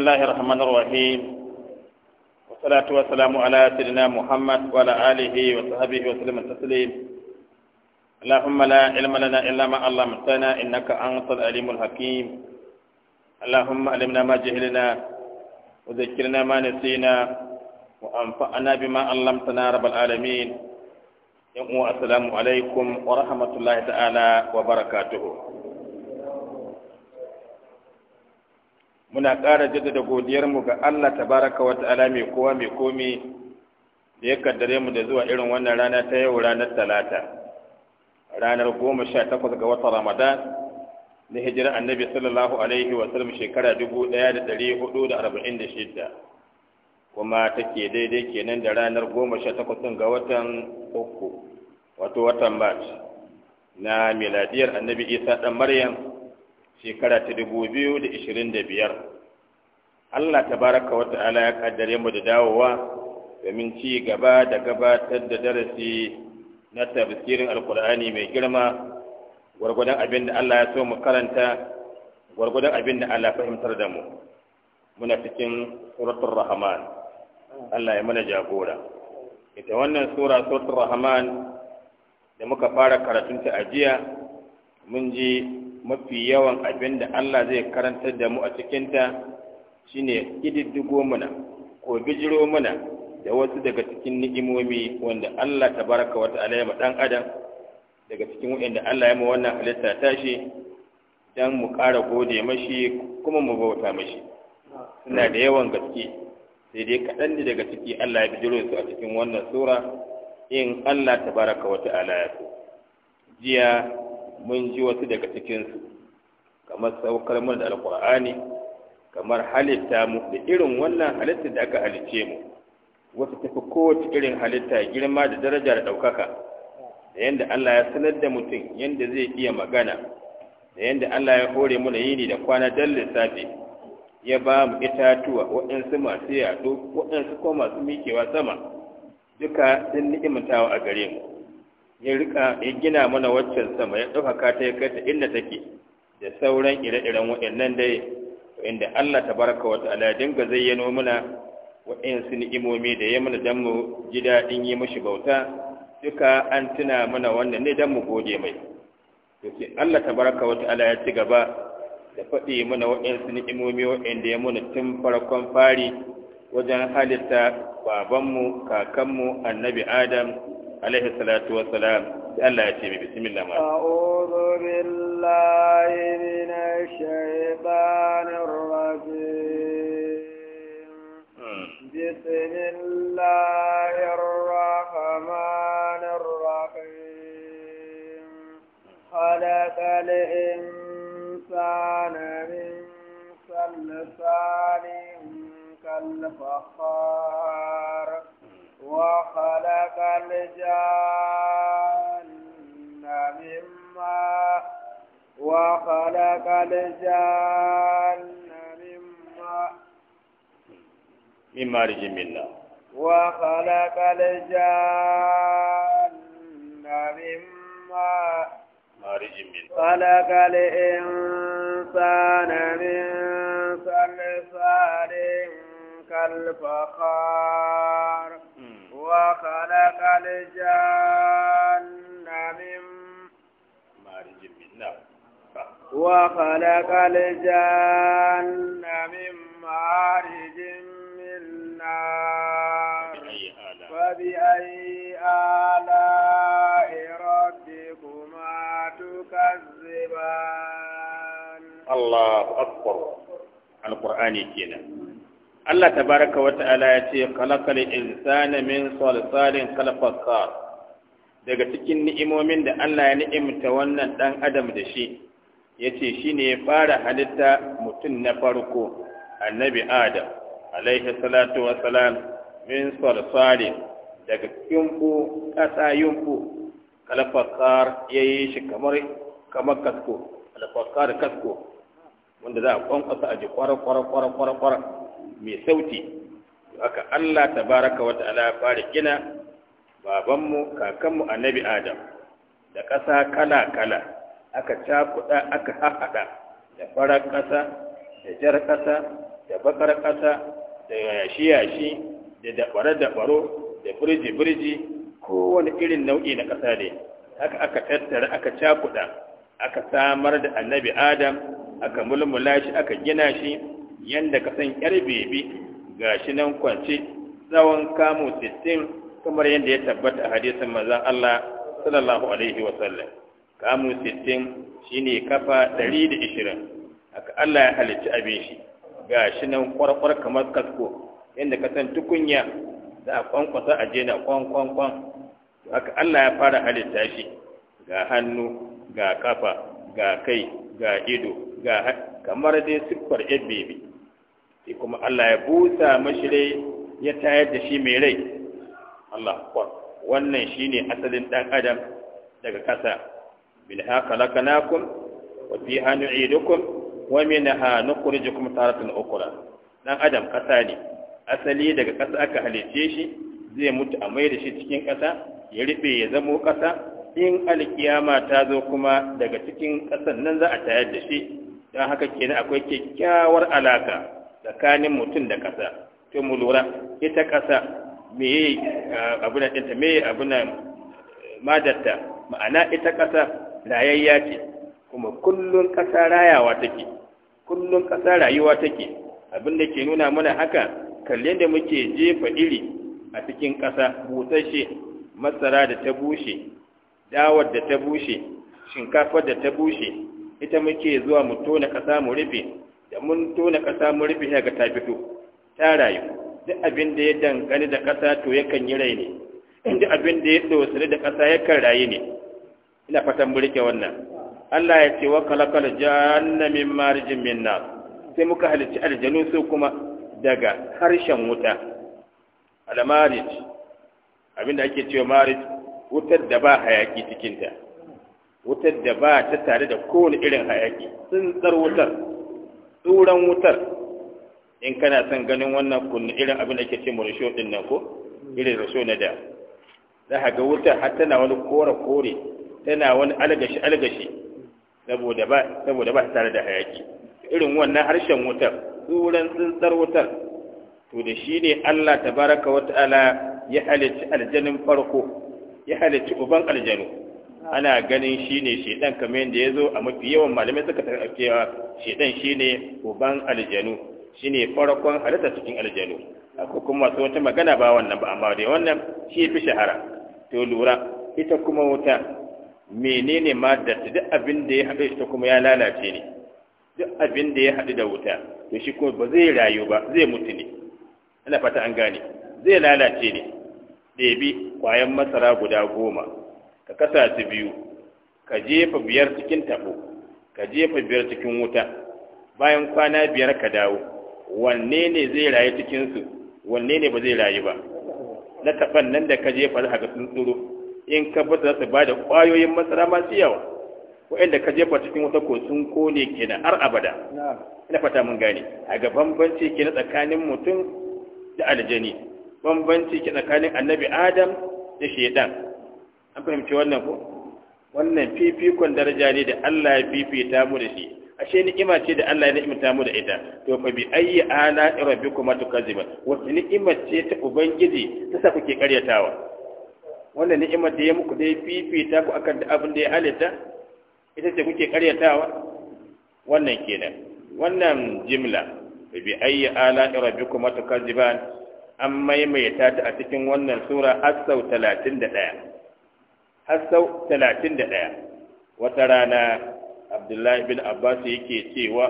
بسم الله الرحمن الرحيم والصلاة والسلام على سيدنا محمد وعلى آله وصحبه وسلم تسليم اللهم لا علم لنا إلا ما علمتنا إنك أنت العليم الحكيم اللهم علمنا ما جهلنا وذكرنا ما نسينا وأنفعنا بما علمتنا رب العالمين السلام عليكم ورحمة الله تعالى وبركاته muna ƙara jaddada godiyarmu ga Allah tabaraka wa ta'ala mai kowa mai komi da ya kaddare mu da zuwa irin wannan rana ta yau ranar talata ranar goma sha takwas ga watan ramadan na hijirar annabi sallallahu alaihi wa sallam shekara dubu ɗaya da ɗari hudu da arba'in da shida kuma take daidai kenan da ranar goma sha takwas ga watan uku wato watan march na miladiyar annabi isa ɗan maryam shekara ta dubu biyu da ishirin da biyar allah Ta baraka wata ala ya kaddare mu da dawowa domin ci gaba da gabatar da darasi na tafsirin alkur'ani mai girma gwargwadon abin da allah ya so mu karanta gwargwadon abin da allah fahimtar da mu muna cikin suratul rahman allah ya mana jagora ita wannan sura suratul rahman da muka fara karatunta a jiya mun ji mafi yawan abin da Allah zai karantar da mu a cikinta shine ƙididdigo muna ko bijiro muna da wasu daga cikin ni'imomi wanda Allah tabaraka wa ta'ala ya ɗan adam daga cikin wanda Allah ya ma wannan halitta tashi dan mu ƙara gode mashi kuma mu bauta mashi suna da yawan gaske sai dai kaɗan ne daga ciki Allah ya bijiro su a cikin wannan sura in Allah tabaraka wa ta'ala ya jiya mun ji wasu daga cikinsu kamar saukar mu da alkur'ani kamar halitta mu da irin wannan halitta da aka halice mu wasu tafi kowace irin halitta girma da daraja da ɗaukaka da yadda Allah ya sanar da mutum yadda zai iya magana da yadda Allah ya hore mu da yini da kwana dan lissafi ya ba mu itatuwa waɗansu masu yaɗo waɗansu ko masu mikewa sama duka sun ni'imantawa a gare mu ya ya gina mana waccan sama ya ɗaukaka ta ya kai ta inda take da sauran ire-iren waɗannan dai inda Allah ta wata wa ta'ala dinga zayyano mana waɗansu ni'imomi da ya mana don mu ji daɗin yi mashi bauta duka an tuna mana wannan ne don mu gode mai to Allah ta baraka wata ala ya ci gaba da faɗi mana waɗansu ni'imomi waɗanda ya mana tun farkon fari wajen halitta babanmu kakanmu annabi Adam عليه الصلاة والسلام الله يتيم بسم الله ما أعوذ بالله من الشيطان الرجيم بسم الله الرحمن الرحيم خلق الإنسان من صلصال كالفخار وخلق الجن من ماء وخلق الجن من ماء من مارج من وخلق الجن من ماء مارج من خلق الإنسان من صلصال كالفخار وخلق الجن من مارج من نار وخلق الجن من مارج من نار فبأي آلاء ربكما تكذبان الله أكبر القرآن الكريم Allah tabaraka wa ta'ala ya ce khalaqal insana min salsalin kal daga cikin ni'imomin da Allah ya ni'imta wannan dan adam da shi yace shine ya fara halitta mutum na farko annabi adam alaihi salatu wa salam min salsalin daga yumbu kasa yumbu ya yayi shi kamar kamar kasko kal kasko wanda za a kwankwasa a ji kwarar kwarar kwarar mai sauti haka Allah tabaraka wa ta'ala ya fara gina babanmu kakanmu annabi Adam da ƙasa kala-kala aka cakuɗa aka haɗa da farar ƙasa da jar ƙasa da bakar ƙasa da yashi-yashi da daɓare-daɓaro da birji-birji kowane irin nau'i na ƙasa ne haka aka tattara aka cakuɗa aka samar da annabi Adam aka mulmula shi aka gina shi yanda ka san yar bebe shi nan kwance tsawon kamu 60 kamar yanda ya tabbata a hadisin manzon Allah sallallahu alaihi wa sallam kamu 60 shine kafa 120 aka Allah ya halicci abin shi Ga shi nan kwarkwar kamar kasko yanda ka san tukunya da a kwankwasa a jena kwan kwan kwan aka Allah ya fara halitta shi ga hannu ga kafa ga kai ga ido ga kamar dai siffar yan bebe shi kuma Allah ya busa mashi ya tayar da shi mai rai Allah kwa wannan shine asalin ɗan adam daga kasa min haka lakanakum wa fiha nu'idukum wa ji kuma taratun ukhra Ɗan adam kasa ne asali daga kasa aka halice shi zai mutu a mai da shi cikin kasa ya riɓe ya zamo ƙasa. in alkiyama ta zo kuma daga cikin kasan nan za a tayar da shi don haka kenan akwai kyakkyawar alaka tsakanin mutum da ƙasa to mu lura ita ƙasa yi abuna ɗinta yi abuna madatta ma'ana ita ƙasa rayayya ce kuma kullum ƙasa rayawa take kullum ƙasa rayuwa take abin da ke nuna mana haka kalli da muke jefa iri a cikin ƙasa busasshe masara da ta bushe dawar da ta bushe shinkafar da ta bushe ita muke zuwa mu tona ƙasa mu rufe da mun tona ƙasa mun rufe ga ta fito ta rayu duk abin da ya dangane da ƙasa to yakan yi rai ne Duk abin da ya dosare da ƙasa yakan rayu ne ina fatan mun rike wannan Allah ya ce wa kalakal janna min marjin min nar sai muka halicci aljanu su kuma daga harshen wuta al-marij da ake cewa marij wutar da ba hayaki cikinta wutar da ba ta tare da kowane irin hayaki sun tsar wutar turan wutar in kana son ganin wannan kunni irin abin da ke ce mu rasho din nan ko irin rasho na da za ka ga wutar har tana wani kore kore tana wani algashi algashi saboda ba saboda ba tare da hayaki irin wannan harshen wutar turan tsintsar wutar to da shi ne Allah tabaraka wa ta'ala ya halicci aljanin farko ya halicci uban aljanu ana ganin shi ne shedan kamar yadda ya zo a mafi yawan malamai suka tarafewa shedan ne uban aljanu Shi ne farkon halitta cikin aljanu akwai kuma wasu wata magana ba wannan ba amma dai wannan shi fi shahara to lura ita kuma wuta menene ma maddar duk abin da ya haɗu ita kuma ya lalace ne duk abin da ya haɗu da wuta to shi kuma ba zai rayu ba zai mutu ne ana fata an gane zai lalace ne ɗebi ƙwayan masara guda goma ka kasa su biyu ka jefa biyar cikin tabo ka jefa biyar cikin wuta bayan kwana biyar ka dawo wanne ne zai rayu cikinsu wanne ne ba zai rayu ba na taɓan nan da ka jefa za ga sun tsoro in ka bata za su ba da ƙwayoyin masara masu yawa inda ka jefa cikin wuta ko sun kone kenan har abada ina fata mun gane a ga bambanci ke na tsakanin mutum da aljani bambanci ke tsakanin annabi adam da shaidan an fahimci wannan ko wannan fifikon daraja ne da Allah ya fifita mu da shi ashe ni'ima ce da Allah ya ni'imta mu da ita to fa bi ayyi ala rabbikum tukazziban wace ni'ima ce ta ubangiji ta sa kuke karyatawa wannan ni'ima da ya muku dai fifita ku akan da abin da ya halitta ita ce kuke karyatawa wannan kenan wannan jimla fa bi ayyi ala rabbikum tukazziban an maimaita ta a cikin wannan sura as-sau 31 har sau talatin da ɗaya wata rana abdullahi bin abbas yake cewa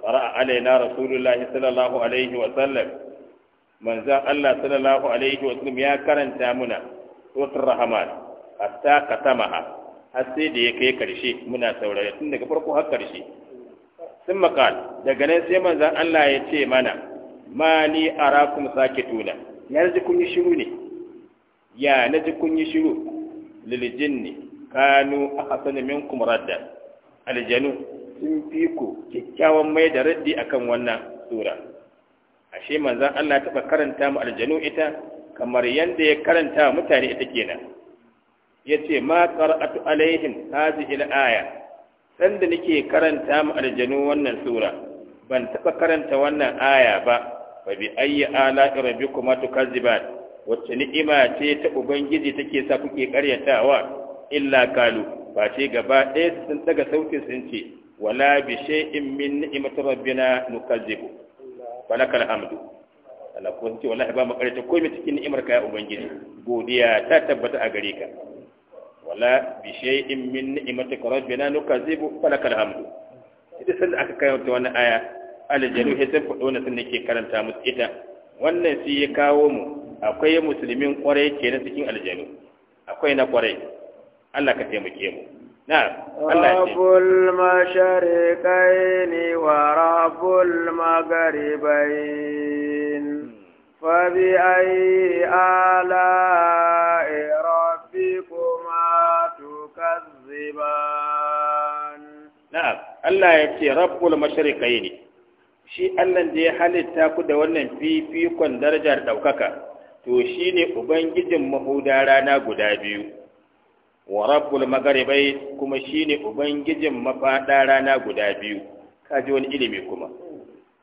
ƙara'a alaina rasulullahi sallallahu alaihi wa sallam manzan allah sallallahu alaihi wa sallam ya karanta muna sotar rahman hatta katamaha har sai da ya kai karshe muna saurare tun daga farko har karshe sun makal daga nan sai manzan allah ya ce mana ma ni arakum sakituna yanzu kun yi shiru ne ya na ji kun yi shiru liljinni kanu ahsana minkum radda aljanu sun fi ku kyakkyawan mai da raddi akan wannan sura ashe manzan Allah taba karanta mu aljanu ita kamar yadda ya karanta mutane ita kenan yace ma qara'atu alaihim hadhihi alaya sanda nake karanta mu aljanu wannan sura ban taɓa karanta wannan aya ba ba bi ayyi ala rabbikuma tukazziban wacce ni'ima ce ta ubangiji take sa kuke ƙaryatawa, illa kalu ba ce gaba ɗaya sun daga sautin sun ce wala bi shay'in min ni'mati rabbina nukazzibu walakal hamdu Allah ko ce wallahi ba mu ko komai cikin ni'imar ka ya ubangiji godiya ta tabbata a gare ka wala bi shay'in min ni'mati rabbina nukazzibu walakal hamdu ita sanda aka kai wata wannan aya aljaru sai faɗo wannan sun nake karanta musu ita wannan shi ya kawo mu akwai musulmin kwarai kenan cikin aljanu akwai na kwarai Allah ka taimake mu rabbul ni wa rabbul magharibain fa bi ayi ala rabbikuma tukazziban na'am Allah ya ce rabbul ni. shi Allah da ya halitta ku da wannan fifikon darajar daukaka to shi ne ubangijin mahuda rana guda biyu wa rabbul magaribai kuma shi ne ubangijin mafaɗa rana guda biyu ka ji wani ilimi kuma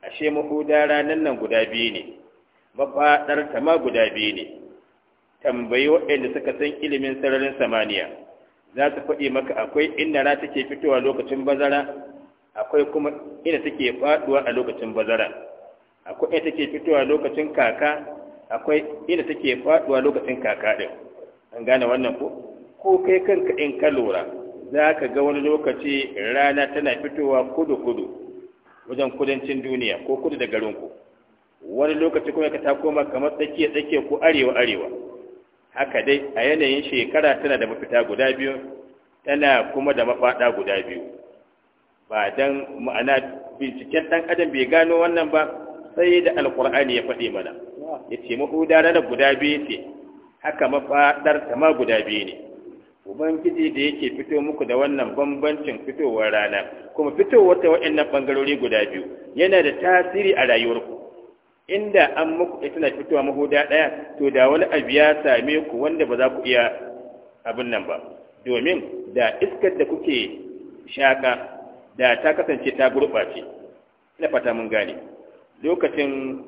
ashe mahuda ranan nan guda biyu ne mafaɗar ta ma guda biyu ne tambayi waɗanda suka san ilimin sararin samaniya za su faɗi maka akwai inda rana take fitowa lokacin bazara akwai kuma inda take faɗuwa a lokacin bazara akwai inda take fitowa lokacin kaka akwai inda take faduwa lokacin kaka din an gane wannan ko ko kai kanka in ka lura za ka ga wani lokaci rana tana fitowa kudu-kudu wajen kudancin duniya ko kudu da garinku wani lokaci kuma ka ta koma kamar tsakiya-tsakiya ko arewa-arewa haka dai a yanayin shekara tana da mafita guda biyu tana kuma da mafada guda biyu ba don ma'ana binciken ɗan adam bai gano wannan ba sai da alkur'ani ya faɗi mana ya ce mahuda guda biyu ce haka mafaɗar ta ma guda biyu ne ubangiji da yake fito muku da wannan bambancin fitowar rana kuma fitowar ta waɗannan ɓangarori guda biyu yana da tasiri a rayuwarku inda an muku ita na fitowa mahuda ɗaya to da wani abu ya same ku wanda ba za ku iya abin nan ba domin da iskar da kuke shaka da ta kasance ta gurɓace ina fata mun gane lokacin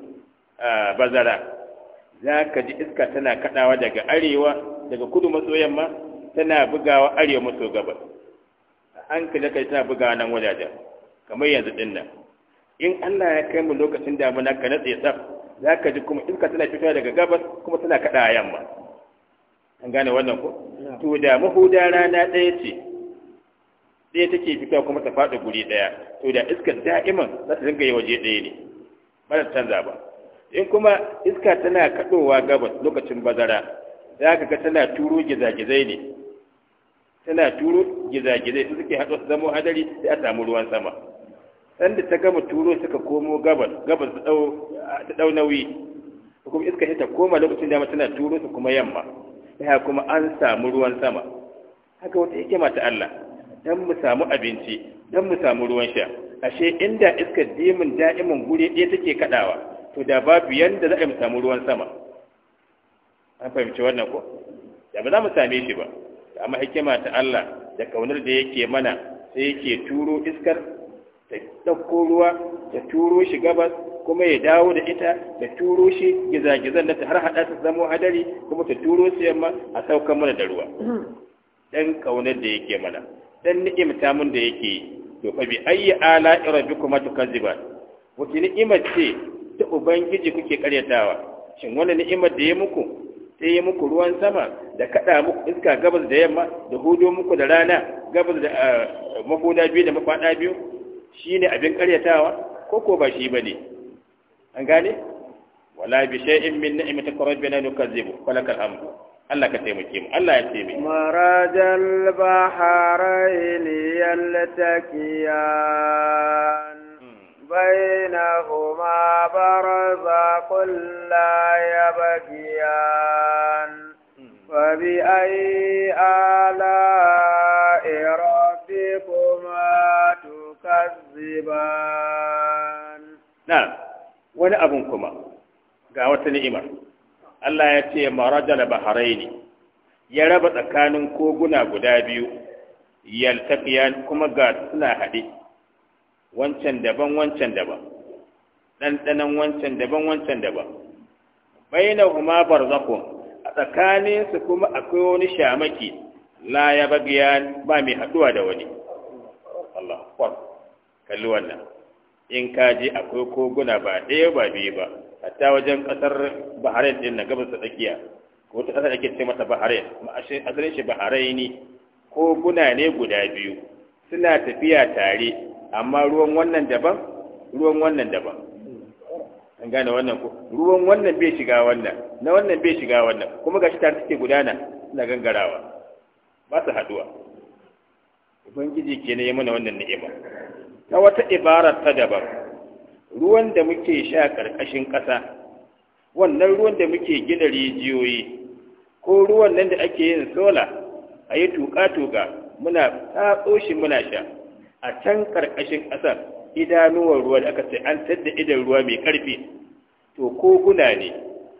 bazara za ka ji iska tana kaɗawa daga arewa daga kudu maso yamma tana bugawa arewa maso gabas a hankali kai tana bugawa nan wajajen kamar yanzu ɗin nan in allah ya kai mu lokacin damuna ka natse tsaf za ka ji kuma iska tana fitowa daga gabas kuma tana kaɗawa yamma an gane wannan ko to da mahuda rana ɗaya ce ɗaya take fitowa kuma ta faɗi guri ɗaya to da iska da'iman za ta dinga yi waje ɗaya ne ba ta canza ba in kuma iska tana kaɗowa gabas lokacin bazara za ka ga tana turo gizagizai ne tana turo gizagizai su suke haɗo zamo hadari sai a samu ruwan sama sanda ta gama turo suka komo gabas gabas ta ɗau nauyi kuma iska ta koma lokacin dama tana turo su kuma yamma sai kuma an samu ruwan sama haka wata hikima ta Allah dan mu samu abinci dan mu samu ruwan sha ashe inda iska dimin da'imin gure ɗaya take kaɗawa to da babu yanda za a mu samu ruwan sama an fahimci wannan ko da ba za mu same shi ba amma hikima ta Allah da kaunar da yake mana sai yake turo iskar ta ɗauko ruwa ta turo shi gabas kuma ya dawo da ita ta turo shi gizagizan da ta har haɗa ta zamo hadari kuma ta turo su yamma a saukan mana da ruwa dan kaunar da yake mana dan ni'imta mun da yake to fa bi ayyi ala rabbikum tukazziban wace ni'imar ce ta ubangiji kuke karyatawa shin wani ni'imar da ya muku sai ya muku ruwan sama da kada muku iska gabas da yamma da hudo muku da rana gabas da ah, mafuda biyu da mafada biyu shine abin karyatawa ko ko ba shi bane an gane wala bi shay'in min ni'mati rabbina nukazzibu falakal hamdu Allah ka taimake mu Allah ya taimake marajal baharain yaltaqiyan بينهما برزق لا يبغيان فبأي آلاء ربكما تكذبان نعم wani abin kuma ga wata ni'imar Allah ya ce marajal baharaini ya raba tsakanin koguna guda biyu yaltaqiyan kuma ga suna haɗe wancan daban wancan daban ɗanɗanan wancan daban wancan daban baina huma barzakhun a tsakanin su kuma akwai wani shamaki la ya bagiya ba mai haduwa da wani Allah kwar kalli wannan in ka je akwai koguna ba ɗaya ba biyu ba hatta wajen ƙasar Bahrain din na gabas da tsakiya ko ta ƙasar ake ce mata Bahrain ma'ashin asalin shi ne. koguna ne guda biyu suna tafiya tare amma ruwan wannan daban ruwan wannan daban an gane wannan ko ruwan wannan bai shiga wannan na wannan bai shiga wannan kuma gashi tare suke gudana suna gangarawa ba su haduwa ubangiji na ya mana wannan ni'ima Ta wata ibara ta daban ruwan da muke sha karkashin ƙasa wannan ruwan da muke gina rijiyoyi ko ruwan nan da ake yin sola a yi tuƙa-tuƙa muna tatso shi muna sha a can ƙarƙashin ƙasar idanuwar ruwa da aka ce an tadda idan ruwa mai ƙarfi to koguna ne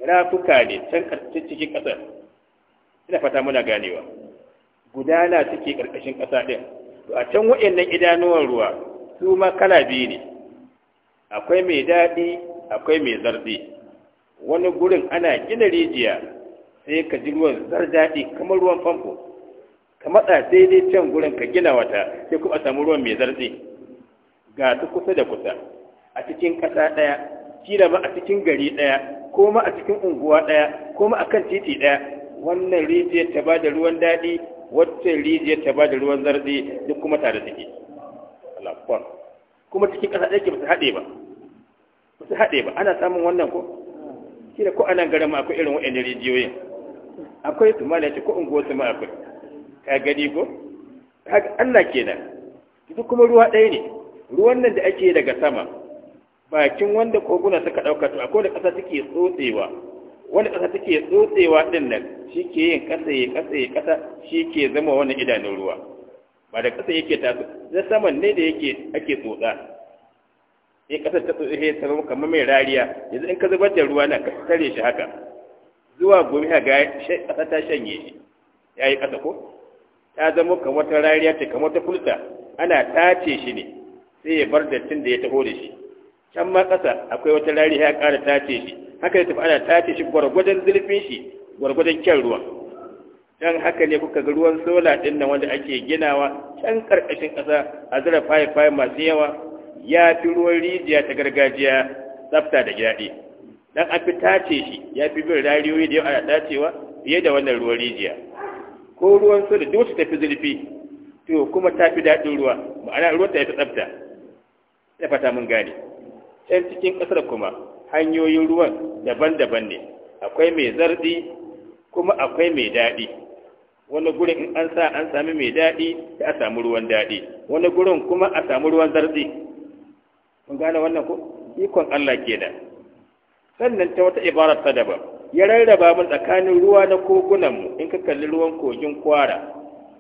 rafuka ne can ƙarƙashin cikin ƙasar ina fata muna ganewa gudana suke ƙarƙashin ƙasa ɗin to a can waɗannan idanuwar ruwa su ma kala biyu ne akwai mai daɗi akwai mai zardi wani gurin ana gina rijiya sai ka ji ruwan zar daɗi kamar ruwan famfo ka matsa daidai can gurin ka gina wata sai kuma a samu ruwan mai zartsi ga su kusa da kusa a cikin ƙasa ɗaya kila ba a cikin gari ɗaya ko ma a cikin unguwa ɗaya ko ma a kan titi ɗaya wannan rijiyar ta ba da ruwan daɗi wacce rijiyar ta ba da ruwan zartsi duk kuma tare suke alafon kuma cikin ƙasa ɗaya ke ba su haɗe ba ba su haɗe ba ana samun wannan ko kila ko anan garin ma akwai irin wa'annan rijiyoyin akwai su ma da ko unguwar su ma akwai ka gani ko haka Allah kenan duk kuma ruwa ɗaya ne ruwan nan da ake daga sama bakin wanda koguna suka dauka to akwai da ƙasa take tsotsewa wanda ƙasa take tsotsewa ɗin nan shi ke yin ƙasa ya ƙasa ya ƙasa shi ke zama wannan idanun ruwa ba da ƙasa yake taso da saman ne da yake ake tsotsa sai ƙasar ta tsotse ta zama kamar mai rariya yanzu in ka zubar da ruwa nan ka tare shi haka zuwa gobe ka ga ƙasa ta shanye shi ya yi ƙasa ko ta zama kamar ta rariya ce kamar ta fulta ana tace shi ne sai ya bar dattin da ya taho da shi can ma ƙasa akwai wata rariya ya ƙara tace shi haka ya tafi ana tace shi gwargwadon zurfin shi gwargwadon kyan ruwa can haka ne kuka ga ruwan sola ɗin nan wanda ake ginawa can ƙarƙashin ƙasa a zura faye masu yawa ya fi ruwan rijiya ta gargajiya tsafta da gyaɗe dan an fi tace shi ya fi bin rariyoyi da yawa ana tacewa fiye da wannan ruwan rijiya ko ruwan soda duk wacce tafi zurfi to kuma ta fi daɗin ruwa ma'ana ruwan ta fi tsafta ya fata mun gane ɗan cikin ƙasar kuma hanyoyin ruwan daban-daban ne akwai mai zarɗi kuma akwai mai daɗi wani gurin in an sa an sami mai daɗi da a samu ruwan daɗi wani gurin kuma a samu ruwan zarɗi mun gane wannan ko ikon Allah kenan sannan ta wata ibara ta daban ya rarraba mu tsakanin ruwa na kogunanmu in ka kalli ruwan kogin kwara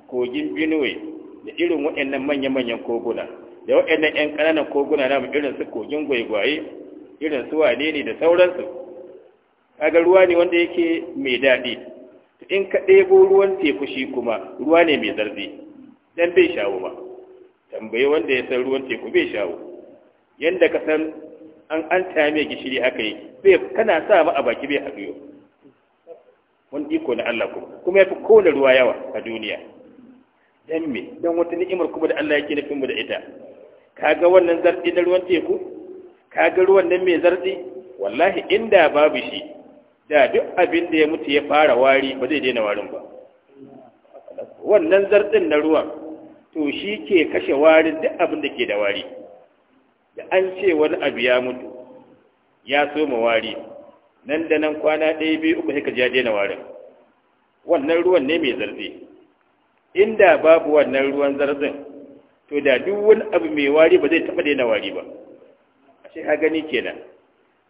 kogin binuwe da irin waɗannan manya-manyan koguna da waɗannan 'yan ƙananan koguna namu irin su kogin gwaigwaye irin su wane ne da sauransu kaga ruwa ne wanda yake mai daɗi in ka ɗebo ruwan teku shi kuma ruwa ne mai zarzi dan bai shawo ba tambaye wanda ya san ruwan teku bai shawo Yadda ka san an an taya mai gishiri haka yi bai kana sa ba a baki bai haɗuyo wani iko na Allah ku. kuma ya fi kowane ruwa yawa a duniya dan me dan wata ni'imar kuma da Allah yake nufin mu da ita kaga wannan zartsi na ruwan teku kaga ruwan nan mai zartsi wallahi inda babu shi da duk abin da ya mutu ya fara wari ba zai daina warin ba wannan zartsin na ruwan to shi ke kashe warin duk abin da ke da wari da an ce wani abu ya mutu ya so wari nan da nan kwana ɗaya biyu uku sai ka ji ya daina warin wannan ruwan ne mai zarfi inda babu wannan ruwan zarzin to da duk wani abu mai wari ba zai taɓa daina wari ba ashe ka gani kenan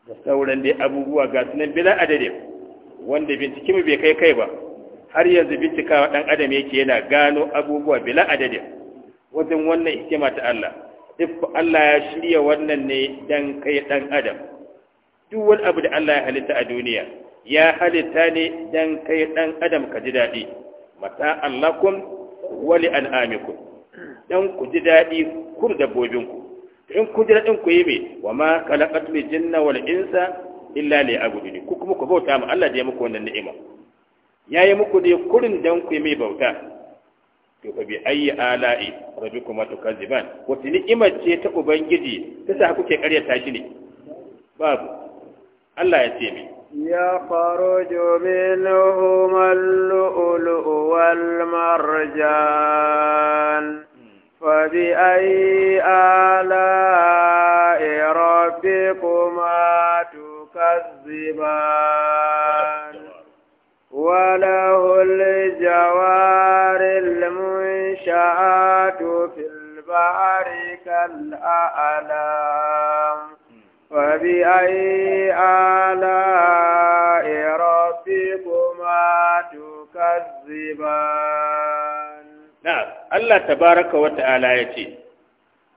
da sauran dai abubuwa ga su nan bila adadin wanda bincike bai kai kai ba har yanzu bincikawa ɗan adam yake yana gano abubuwa bila adadin wajen wannan hikima ta Allah duk Allah ya shirya wannan ne dan kai dan adam duk wani abu da Allah ya halitta a duniya ya halitta ne dan kai dan adam ka ji daɗi mata allakum wali an'amikum dan ku ji daɗi kur ku. in ku ji daɗin ku yi me wa ma khalaqatul jinna wal insa illa liya'buduni ku kuma ku bauta ma Allah da ya muku wannan ni'ima yayi muku ne kurin dan ku yi mai bauta to fa bi ayi ala'i rabbikuma tukaziban wata ni'imar ce ta ubangiji ta sa kuke karyata shi ne babu Allah ya ce mi ya kharuju minhum al-lu'lu'u wal-marjan fa bi ayi ala'i rabbikuma tukaziban wa lahu al-jawab والجواد في البحر كالأعلام فبأي آلاء ربكما تكذبان نعم الله تبارك وتعالى يتي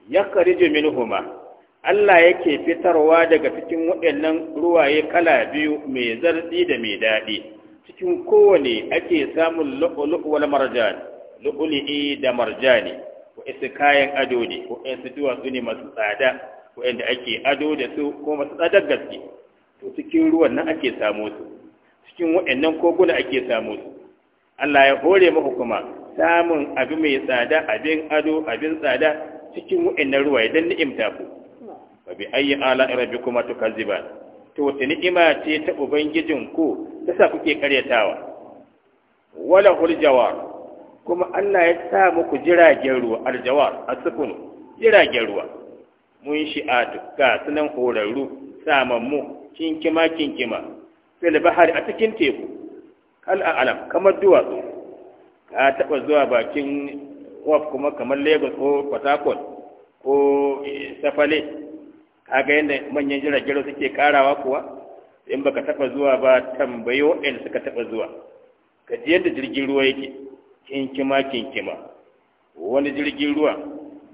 يخرج منهما Allah yake fitarwa daga cikin waɗannan ruwaye kala biyu mai zartsi da mai daɗi cikin kowane ake samun lu'ulu'u wal marjan lu'lu'i da marjani isa kayan ado ne wa'insu duwatsu ne masu tsada wa'inda ake ado da su ko masu tsadar gaske to cikin ruwan nan ake samu su cikin waɗannan koguna ake samu su Allah ya hore muku kuma samun abu mai tsada abin ado abin tsada cikin waɗannan ruwa idan ni'imta ku Ba bi ayyi ala rabbikuma kuma to wata ni'ima ce ta ubangijin ku ta sa kuke karyatawa wala hul jawar kuma Allah ya sa muku jiragen ruwa aljawar asfun jiragen ruwa mun shi a ga sunan horarru samanmu kinkima kinkima fil bahari a cikin teku kal alam kamar duwatsu ka taɓa zuwa bakin wap kuma kamar lagos ko port ko eh, safale ga yadda manyan jiragen ruwa suke karawa kuwa in baka taba zuwa ba tambayo in suka taɓa zuwa ka ji yadda jirgin ruwa yake kinkima kinkima wani jirgin ruwa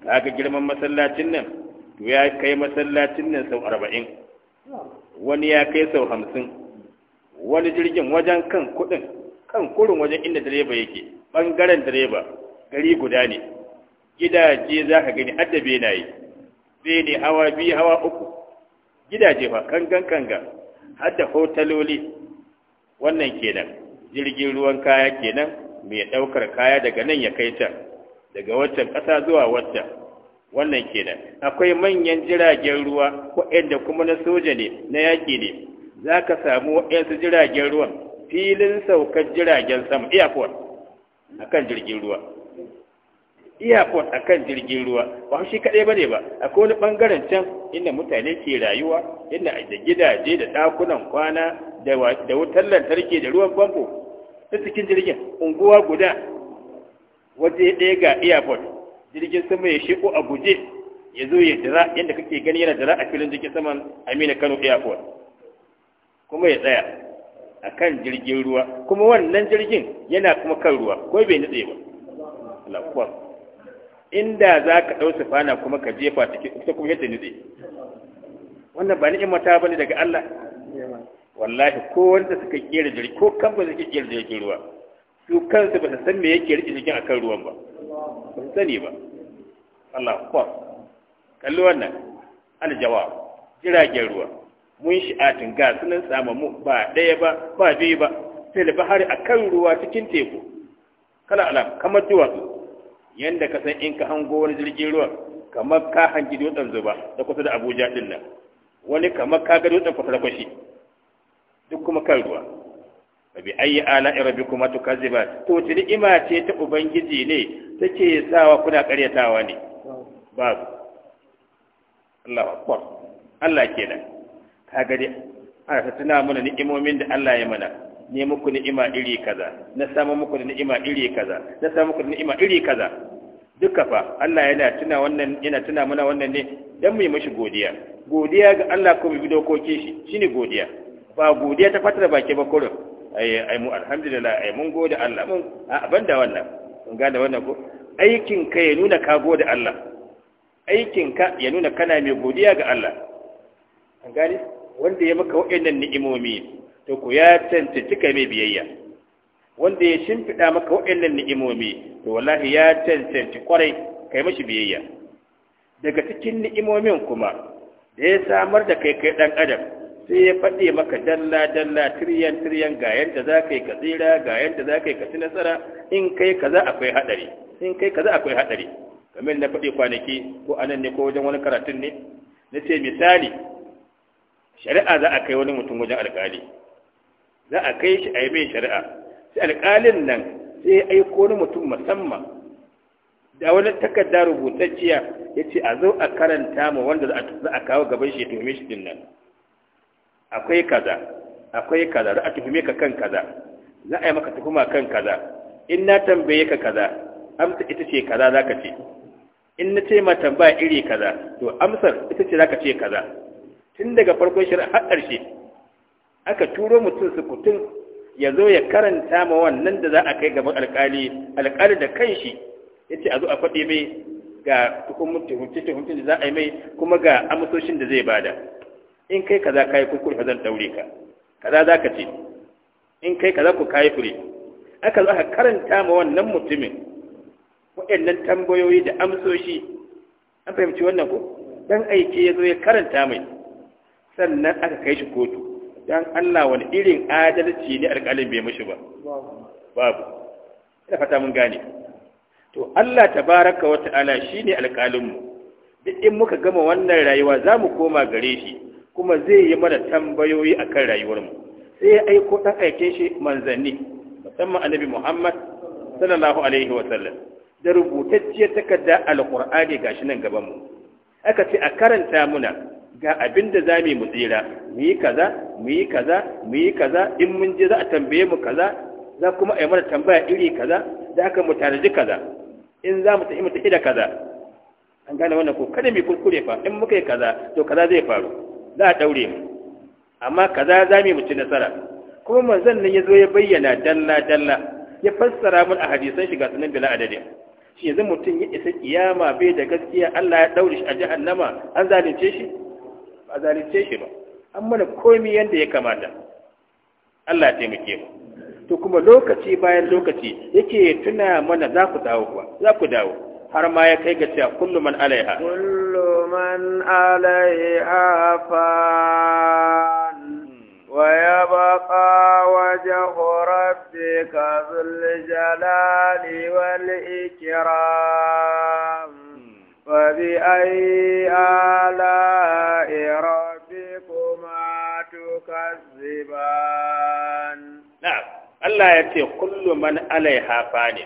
kaga girman masallacin nan to ya kai masallacin nan sau arba'in wani ya kai sau hamsin wani jirgin wajen kan kudin kan kurin wajen inda direba yake bangaren direba gari guda ne gidaje za ka gani na yi. Sai ne hawa biyu hawa uku gidaje fa kangan kanga hadda hotaloli wannan kenan jirgin ruwan kaya kenan mai ɗaukar kaya daga nan ya kai ta daga waccan ƙasa zuwa waccan wannan kenan akwai manyan jiragen ruwa waɗanda kuma na soja ne na yaƙi ne za ka samu waɗansu jiragen ruwan filin saukar jiragen sama airport a kan jirgin ruwa airport a kan jirgin ruwa ba shi kaɗai ba ne ba akwai wani ɓangaren can inda mutane ke rayuwa inda da gidaje da ɗakunan kwana da wutar lantarki da ruwan famfo ta cikin jirgin unguwa guda waje ɗaya ga airport jirgin sama ya shiko a guje ya zo ya jira yadda kake gani yana jira a filin jirgin saman amina kano airport kuma ya tsaya a kan jirgin ruwa kuma wannan jirgin yana kuma kan ruwa ko bai nutse ba lafuwar inda za ka ɗau sufana kuma ka jefa cikin kuma yadda nutse wannan ba ni'imata ba ne daga allah wallahi ko wanda suka kera jirgi ko kamfanin suka kera jirgin ruwa su kansu ba su san me yake rike jirgin akan ruwan ba ba su sani ba Allah kwa kalli wannan aljawa jiragen ruwa mun shi shi'atin ga sunan mu ba ɗaya ba ba biyu ba sai da bahari akan ruwa cikin teku kala ala kamar duwatsu yanda ka san in ka hango wani jirgin ruwa kamar ka hangi dutsen zuba da kusa da abuja din nan wani kamar ka ga dutsen kusa da kwashi duk kuma kan ruwa bi ayi ala rabbikum kuma to tuni ima ce ta ubangiji ne take sawa kuna karyatawa ne babu Allahu akbar Allah da kaga dai ana ta tuna mana ni'imomin da Allah ya mana ne muku ni'ima iri kaza na samu muku ni'ima iri kaza na samu muku ni'ima iri kaza duka fa Allah yana tuna wannan yana tuna mana wannan ne dan mu yi mishi godiya godiya ga Allah ko bi dokokin shi shine godiya ba godiya ta fatar baki ba kurin ai mu alhamdulillah ai mun gode Allah mun abin da wannan mun gane wannan ko aikin ka ya nuna ka gode Allah aikin ka ya nuna kana mai godiya ga Allah an gane wanda ya maka wa'annan ni'imomi to ku ya tantance kai mai biyayya wanda ya shimfiɗa maka wa'annan ni'imomi to wallahi ya tantance kwarai kai mashi biyayya daga cikin ni'imomin kuma da ya samar da kai kai dan adam sai ya faɗe maka dalla dalla tiryan tiryan ga yadda za ka yi ka tsira ga yadda za ka yi ka ci nasara in kai za akwai haɗari in kai za akwai haɗari kamar na faɗi kwanaki ko anan ne ko wajen wani karatun ne na ce misali shari'a za a kai wani mutum wajen alƙali za a kai shi a yi mai shari'a sai alƙalin nan sai ya aiko wani mutum musamman da wani takarda rubutacciya ya ce a zo a karanta ma wanda za a kawo gaban shi ya tuhume shi din nan akwai kaza akwai kaza za a tuhume ka kan kaza za a yi maka tuhuma kan kaza in na tambaye ka kaza amsa ita ce kaza za ka ce in na ce ma tambaya iri kaza to amsar ita ce za ka ce kaza tun daga farkon shirin har ƙarshe aka turo mutum su sukutun ya zo ya karanta ma wannan da za a kai gaban alƙali alƙali da kanshi ya ce a zo a faɗi mai ga hukumin tuhumce-tuhumce da za a yi mai kuma ga amsoshin da zai bada in kai kaza kai kuskure fa zan daure ka kaza za ka ce in kai kaza ku kai fure aka zo aka karanta ma wannan mutumin waɗannan tambayoyi da amsoshi an fahimci wannan ko dan aike ya zo ya karanta mai sannan aka kai shi kotu dan Allah wani irin adalci ne alƙalin bai mishi ba babu ina fata mun gane to Allah tabaraka wa ta'ala shine alƙalin mu duk in muka gama wannan rayuwa za mu koma gare shi kuma zai yi mana tambayoyi akan rayuwarmu sai ya aiko ɗan aikin shi manzanni musamman annabi muhammad sallallahu alaihi wa sallam da rubutacciyar takarda alqur'ani gashi nan gaban mu aka ce a karanta muna ga abin da za mu tsira mu yi kaza mu yi kaza mu yi kaza in mun je za a tambaye mu kaza za kuma a yi mana tambaya iri kaza da aka mu tanaji kaza in za mu tafi mu tafi da kaza an gane wannan ko kada mu kurkure fa in muka yi kaza to kaza zai faru za a ɗaure mu amma kaza za mu ci nasara kuma manzon nan ya zo ya bayyana dalla dalla ya fassara mun a hadisan shi sunan bila adadin shi yanzu mutum ya isa kiyama bai da gaskiya Allah ya ɗaure shi a jahannama an zalunce shi ba zalunce shi ba an mana komai yanda ya kamata Allah ya taimake mu to kuma lokaci bayan lokaci yake tuna mana za ku dawo kuwa za ku dawo har ma ya kai ga cewa kullu man alaiha kullu من عليها فان ويبقى وجه ربك ذو الجلال والإكرام فبأي آلاء ربكما تكذبان نعم الله يتي كل من عليها فان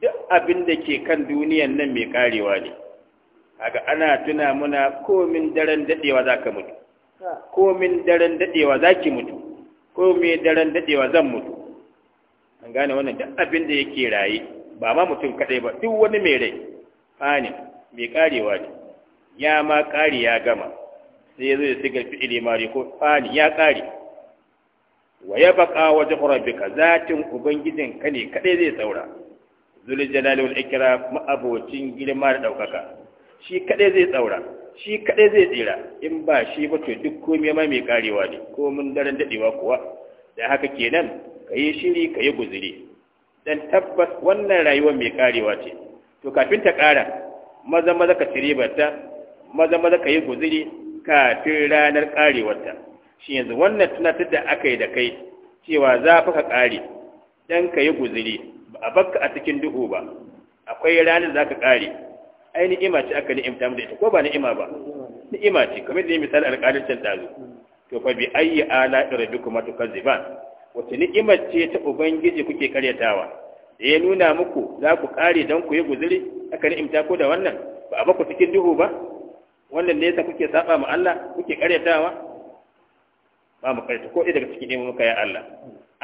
duk abin da ke kan duniyan nan mai karewa ne Aga ana tuna muna komin daren dadewa ka mutu komin daren dadewa ki mutu komin daren dadewa zan mutu an gane wannan duk abin da yake raye ba ma mutum kadai ba duk wani mai rai fani mai karewa ne ya ma kare ya gama sai ya zo ya sigar fi'ili mari ko fani ya kare wa ya baka wajen rabbika zatin ubangijin ka ne kadai zai saura zulul jalali wal ikram abocin girma da daukaka shi kaɗai zai tsaura shi kaɗai zai tsira in ba shi ba to duk komi ma mai karewa ne ko mun daren daɗewa kuwa da haka kenan ka yi shiri ka yi guziri dan tabbas wannan rayuwar mai karewa ce to kafin ta ƙara maza maza ka cire bata maza maza ka yi guziri kafin ranar karewarta shi yanzu wannan tunatar da aka yi da kai cewa za fa ka ƙare dan ka yi guziri ba a bakka a cikin duhu ba akwai ranar za ka ƙare ai ni'ima ce aka ni'imta mu da ita ko ba ni'ima ba ni'ima ce kamar da misali alƙalancin dazu to fa bi ayi ala rabbikuma tukazziban wace ni'ima ce ta ubangiji kuke karyatawa da ya nuna muku za ku kare dan ku yi guzuri aka ni'imta ko da wannan ba a baku cikin duhu ba wannan ne yasa kuke saba ma Allah kuke karyatawa ba mu karyata ko daga cikin ne muka ya Allah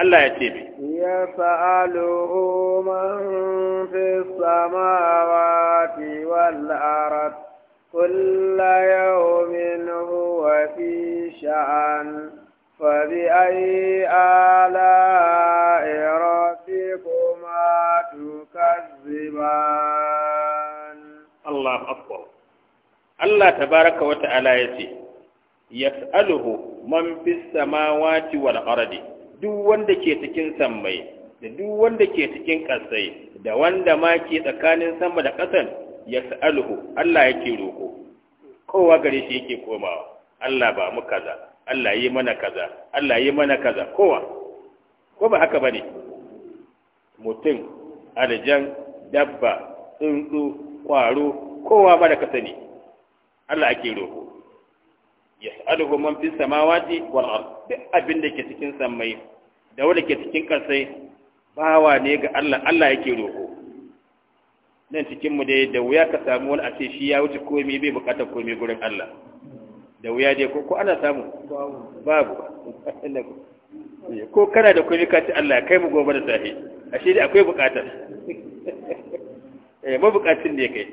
الله يتيبي يسأله من في السماوات والأرض كل يوم هو في شأن فبأي آلاء ربكما تكذبان الله أكبر الله تبارك وتعالى يتي يسأله من في السماوات والأرض duk wanda ke cikin sammai da duk wanda ke cikin ƙasai da wanda ma ke tsakanin sama da ƙasan ya sa'aluhu Allah ya ke roƙo kowa gare shi yake komawa Allah ba mu kaza Allah yi mana kaza Allah yi mana kaza kowa ko ba haka bane mutum aljan dabba tsuntsu kwaro kowa ba da ne Allah ake roƙo yas'aluhu man fis samawati wal ard duk abin da ke cikin sammai da wanda ke cikin kasai bawa ne ga Allah Allah yake roƙo. nan cikin mu dai da wuya ka samu wani a ce shi ya wuce komai bai bukatar komai gurin Allah da wuya dai ko ana samu babu ko kana da komai ka ce Allah kai mu gobe da safe ashe dai akwai bukatar eh ne kai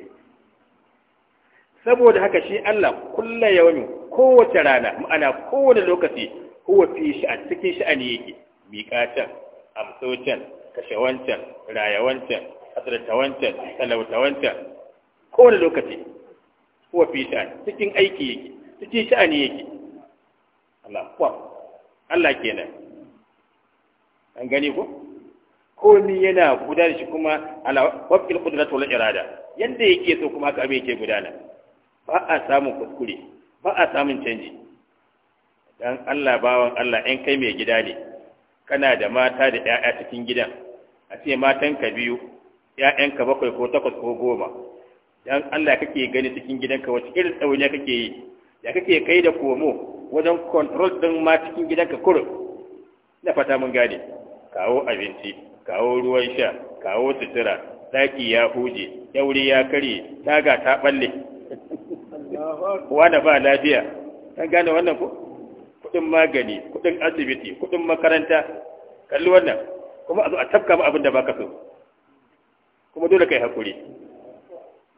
saboda haka shi Allah kulla yawmi kowace rana ma'ana kowane lokaci huwa fi shi a cikin sha'ani yake miƙatan amsocan kashe rayawancan, raya wancan kowace kowane lokaci huwa fi sha'ani cikin aiki yake cikin sha'ani yake Allah kuwa Allah kenan an gani ko komi yana gudanar shi kuma ala wafil qudratu wal irada yanda yake so kuma haka abin yake gudana ba a samun kuskure ba a samun canji dan Allah bawan Allah in kai mai gida ne kana da mata da 'ya'ya cikin gidan a ce matanka biyu 'ya'yanka bakwai ko takwas ko goma dan Allah kake gani cikin gidanka wace irin tsauniya kake yi ya kake kai da komo wajen control din ma cikin gidanka kurum na fata mun gane kawo abinci kawo ruwan sha kawo sutura daki ya huje yauri ya karye taga ta balle da ba lafiya kan gane wannan ko kudin magani kudin asibiti kudin makaranta kalli wannan kuma a zo a tafka ma abin da baka so kuma dole kai hakuri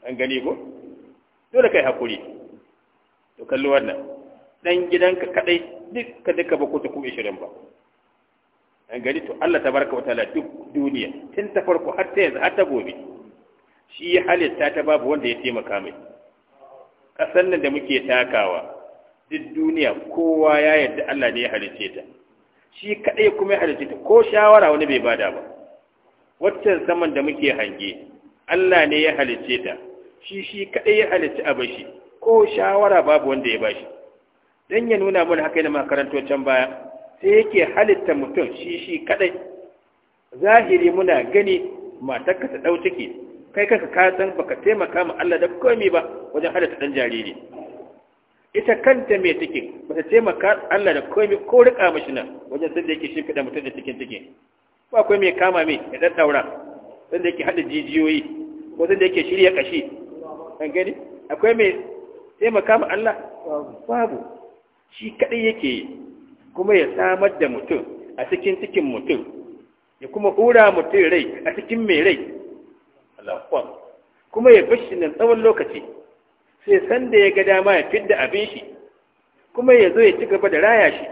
an gani ko dole kai hakuri to kalli wannan dan gidanka kadai duka duka ba ko ta kuma ishirin ba an gani to Allah tabaraka wa ta'ala duk duniya tun ta farko har ta yanzu har ta gobe shi ya halitta ta babu wanda ya taimaka mai ƙasar nan da muke takawa duk duniya kowa ya yarda Allah ne ya halice ta shi kaɗai kuma ya halice ta ko shawara wani bai bada ba waccan saman da muke hange Allah ne ya halice ta shi shi kaɗai ya halice a bashi ko shawara babu wanda ya bashi dan ya nuna mana haka yana makaranto can baya sai yake halitta mutum shi shi kaɗai zahiri muna gani matakka ta ɗau kai kanka ka san baka taimaka ma Allah da komai ba wajen halatta dan jariri ita kanta mai take bata taimaka Allah da komai ko rika mishi nan wajen sanda yake shi fida mutum da cikin cikin ba akwai mai kama mai ya daddaura sanda yake hada jijiyoyi ko sanda yake shirya kashi kan gani akwai mai taimaka ma Allah babu shi kadai yake yi kuma ya samar da mutum a cikin cikin mutum ya kuma hura mutum rai a cikin mai rai alaƙon kuma ya bashi nan tsawon lokaci sai sanda ya ga dama ya fidda abin shi kuma ya zo ya ci gaba da raya shi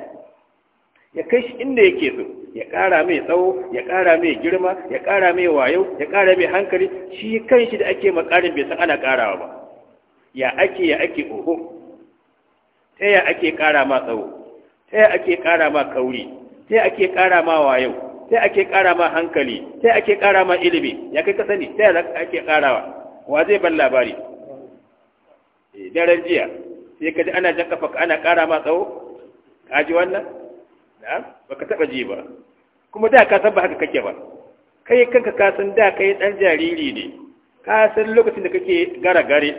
ya kai shi inda yake so ya ƙara mai tsawo ya ƙara mai girma ya ƙara mai wayo ya ƙara mai hankali shi kan shi da ake makarin bai san ana ƙarawa ba ya ake ya ake oho ta ya ake ƙara ma tsawo ta ya ake ƙara ma kauri ta ya ake ƙara ma wayo sai ake ƙara ma hankali sai ake ƙara ma ilimi ya kai ka sani sai ake ƙarawa wa zai ban labari eh, daren jiya sai ka ji ana jan kafa ana ƙara ma tsawo ka ji wannan na ba ka taɓa ji ba kuma da ka san ba haka kake ba kai kanka ka san da kai ɗan jariri ne ka san lokacin da kake gara gare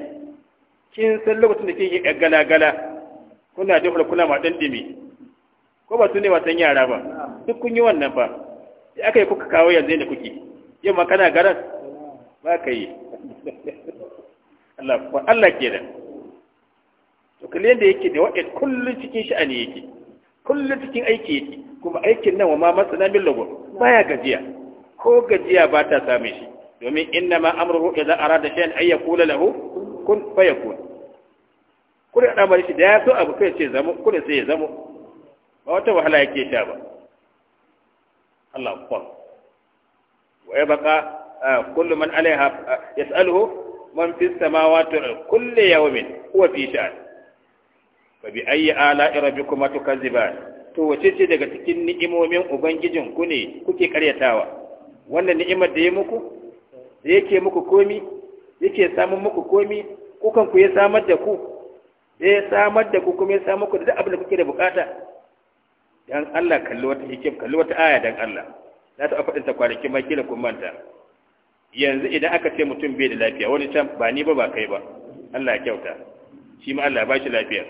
kin san lokacin da kike gala-gala kuna jihar kuna ma ɗan dimi ko ba su ne wasan yara ba duk kun yi wannan ba sai aka yi kuka kawo yanzu da kuke yamma kana garas ba ka yi Allah ke da to kalli yadda yake da wa'id kullum cikin sha'ani yake kullum cikin aiki yake kuma aikin nan wa ma masana min ba ya gajiya ko gajiya ba ta same shi domin inna ma amruhu idza da shay'an ay kula lahu kun fayakun kuma da ɗamari shi da ya so abu kai ce zamo kuma sai ya zamo ba wata wahala yake sha ba الله أكبر ويبقى كل من عليها يسأله من في السماوات كل يوم هو في شأن فبأي آلاء ربكما تكذبان to wace ce daga cikin ni'imomin ubangijin ku ne kuke karyatawa wannan ni'imar da ya muku da yake muku komi yake samun muku komi kukan ku ya samar da ku Da ya samar da ku kuma ya samar ku da duk abin da kuke da bukata dan Allah kalli wata hikim kalli wata aya dan Allah za ta faɗin ta kwanaki ma kila kun manta yanzu idan aka ce mutum bai da lafiya wani can ba ni ba ba kai ba Allah ya kyauta shi ma Allah ba shi lafiya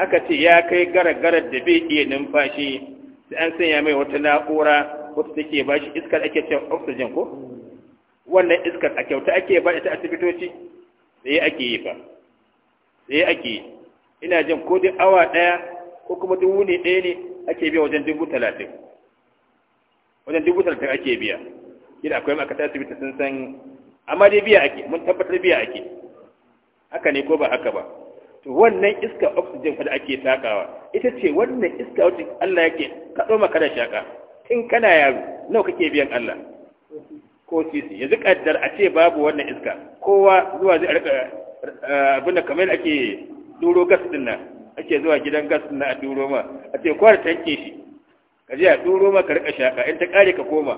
aka ce ya kai garagarar da bai iya numfashi sai an sanya mai wata na'ura wata take ba shi iskar ake cewa oxygen ko wannan iskar a kyauta ake ba ita asibitoci sai ake yi fa sai ake yi ina jin ko duk awa ɗaya ko kuma duk wuni ɗaya ne ake biya wajen dubu talatin wajen dubu talatin ake biya yadda akwai makasa asibiti sun san amma dai biya ake mun tabbatar biya ake haka ne ko ba haka ba to wannan iska oxygen fa da ake takawa ita ce wannan iska wacce Allah yake ka maka da shaka tun kana yaro nawa kake biyan Allah ko sisi yanzu kaddar a ce babu wannan iska kowa zuwa zai rika eh, abin da kamar ake duro gas din nan ake zuwa gidan gas na a duro ma a ce kwar tanke shi ka je a duro ma ka rika shaka in ta kare ka koma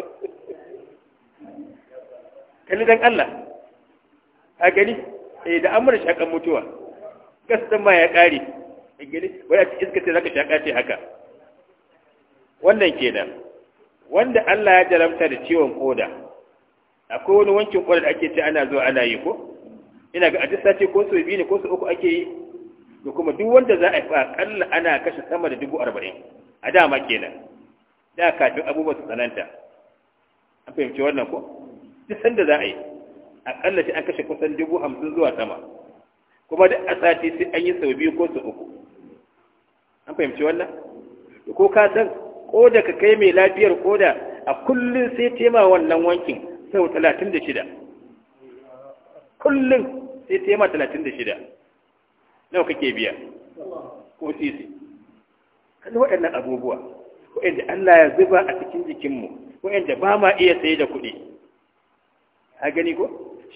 kalli dan Allah a gani eh da amur shakan mutuwa gas din ma ya kare a gani wai iska ce zaka shaka ce haka wannan kenan wanda Allah ya jaramta da ciwon koda akwai wani wankin koda da ake ce ana zuwa ana yi ko ina ga ajista ce ko sau biyu ne ko sau uku ake yi da kuma duk wanda za a yi akalla ana kashe sama da dubu arba'in a dama kenan da kafin abubuwa su tsananta an fahimci wannan ko duk sanda za a yi akalla sai an kashe kusan dubu hamsin zuwa sama kuma duk a sati sai an yi sau biyu ko sau uku an fahimci wannan ko ka san ko da ka kai mai lafiyar koda a kullum sai tema wannan wankin sau talatin da shida kullum sai ta yi ma talatin da shida nawa kake biya ko sisi kan waɗannan abubuwa waɗanda Allah ya zuba a cikin jikinmu waɗanda ba ma iya saye da kuɗi a gani ko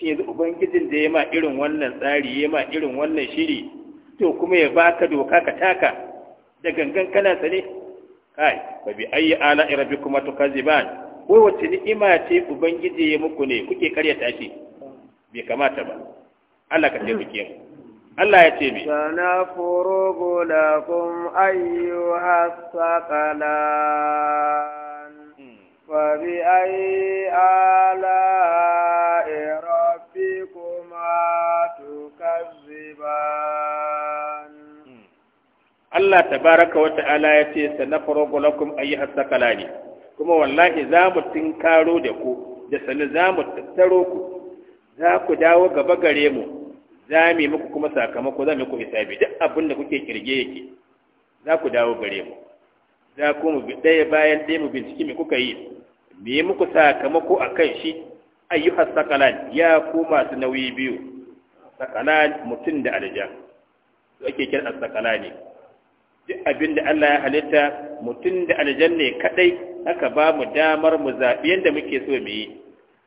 shi yanzu ubangijin da ya ma irin wannan tsari ya ma irin wannan shiri to kuma ya baka doka ka taka da gangan kana sane kai fa bi ayi ala rabbikum tukaziban wai wacce ni'ima ce ubangiji ya muku ne kuke karya tashi bai kamata ba Allah ka taimake mu Allah ya ce mi sana furugu lakum ayyuha saqalan hmm. fa bi ayi ala rabbikuma tukazziban hmm. Allah tabaraka wa ta'ala ya ce sana furugu lakum ayyuha saqalani kuma wallahi za mu tinkaro da ku da sani za mu tattaro ku za ku dawo gaba gare mu za mu yi muku kuma sakamako za mu yi ku hisabi duk abin da kuke kirge yake za ku dawo gare mu za ku mu ɗaya bayan ɗaya mu bincike me kuka yi mu yi muku sakamako a kan shi ayyuhas sakalan ya ku masu nauyi biyu sakalan mutum da aljan su ake kira ne. duk abin da Allah ya halitta mutum da aljan ne kadai aka ba mu damar mu zaɓi yadda muke so mu yi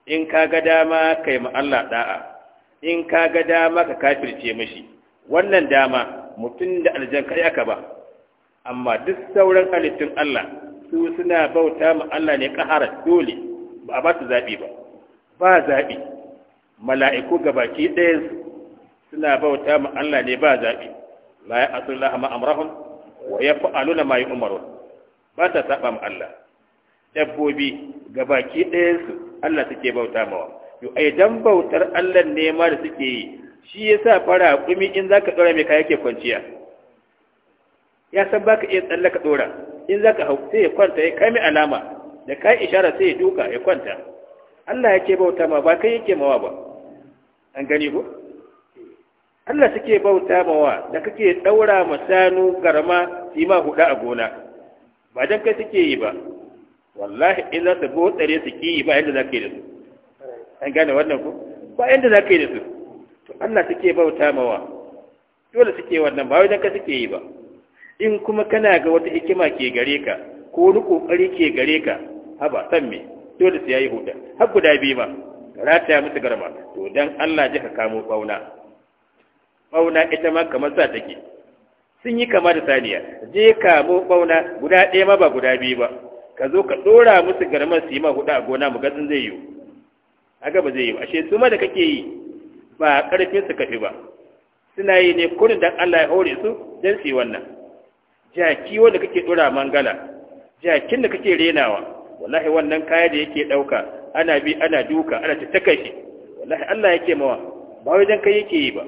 in ka ga dama ka yi Allah da'a in ka ga dama ka kafirce mashi wannan dama mutum da aljan kai aka ba amma duk sauran halittun Allah su suna bauta ma Allah ne kahara dole ba a ba su zaɓi ba ba zaɓi mala'iku gabaki ɗaya suna bauta ma Allah ne ba zaɓi la ya asullah ma amrahum wa yaf'aluna ma yu'marun ba ta saba ma Allah dabbobi ga baki ɗayansu Allah suke bauta mawa to a idan bautar Allah ne ma da suke yi shi yasa fara kumi in zaka dora mai kaya yake kwanciya ya san baka iya tsallaka dora in zaka hau sai ya kwanta ya kai mai alama da kai ishara sai ya duka ya kwanta Allah yake bauta ma ba kai yake mawa ba an gani ko Allah suke bauta mawa da kake daura masanu garma sima ma huda a gona ba dan kai suke yi ba wallahi illa su su tsare su ki ba yadda za ka yi da su an gane wannan ku ba yadda za ka yi da su to Allah suke bauta mawa dole suke wannan ba wajen ka suke yi ba in kuma kana ga wata hikima ke gare ka ko wani kokari ke gare ka haba san me dole su yayi huda har guda biyu ma rataya musu garma to dan Allah ji ka kamo bauna bauna ita ma kamar sa take sun yi kama da saniya je kamo bauna guda ɗaya ma ba guda biyu ba ka zo ka ɗora musu garman su yi ma huɗu a gona mu gatsin zai yi haka ba zai yi ashe su ma da kake yi ba ƙarfin su kafi ba suna yi ne kurin dan Allah ya hore su dan su yi wannan jaki wanda kake ɗora mangala jakin da kake renawa wallahi wannan kaya da yake ɗauka ana bi ana duka ana tattaka shi wallahi Allah yake mawa ba wai dan kai yake yi ba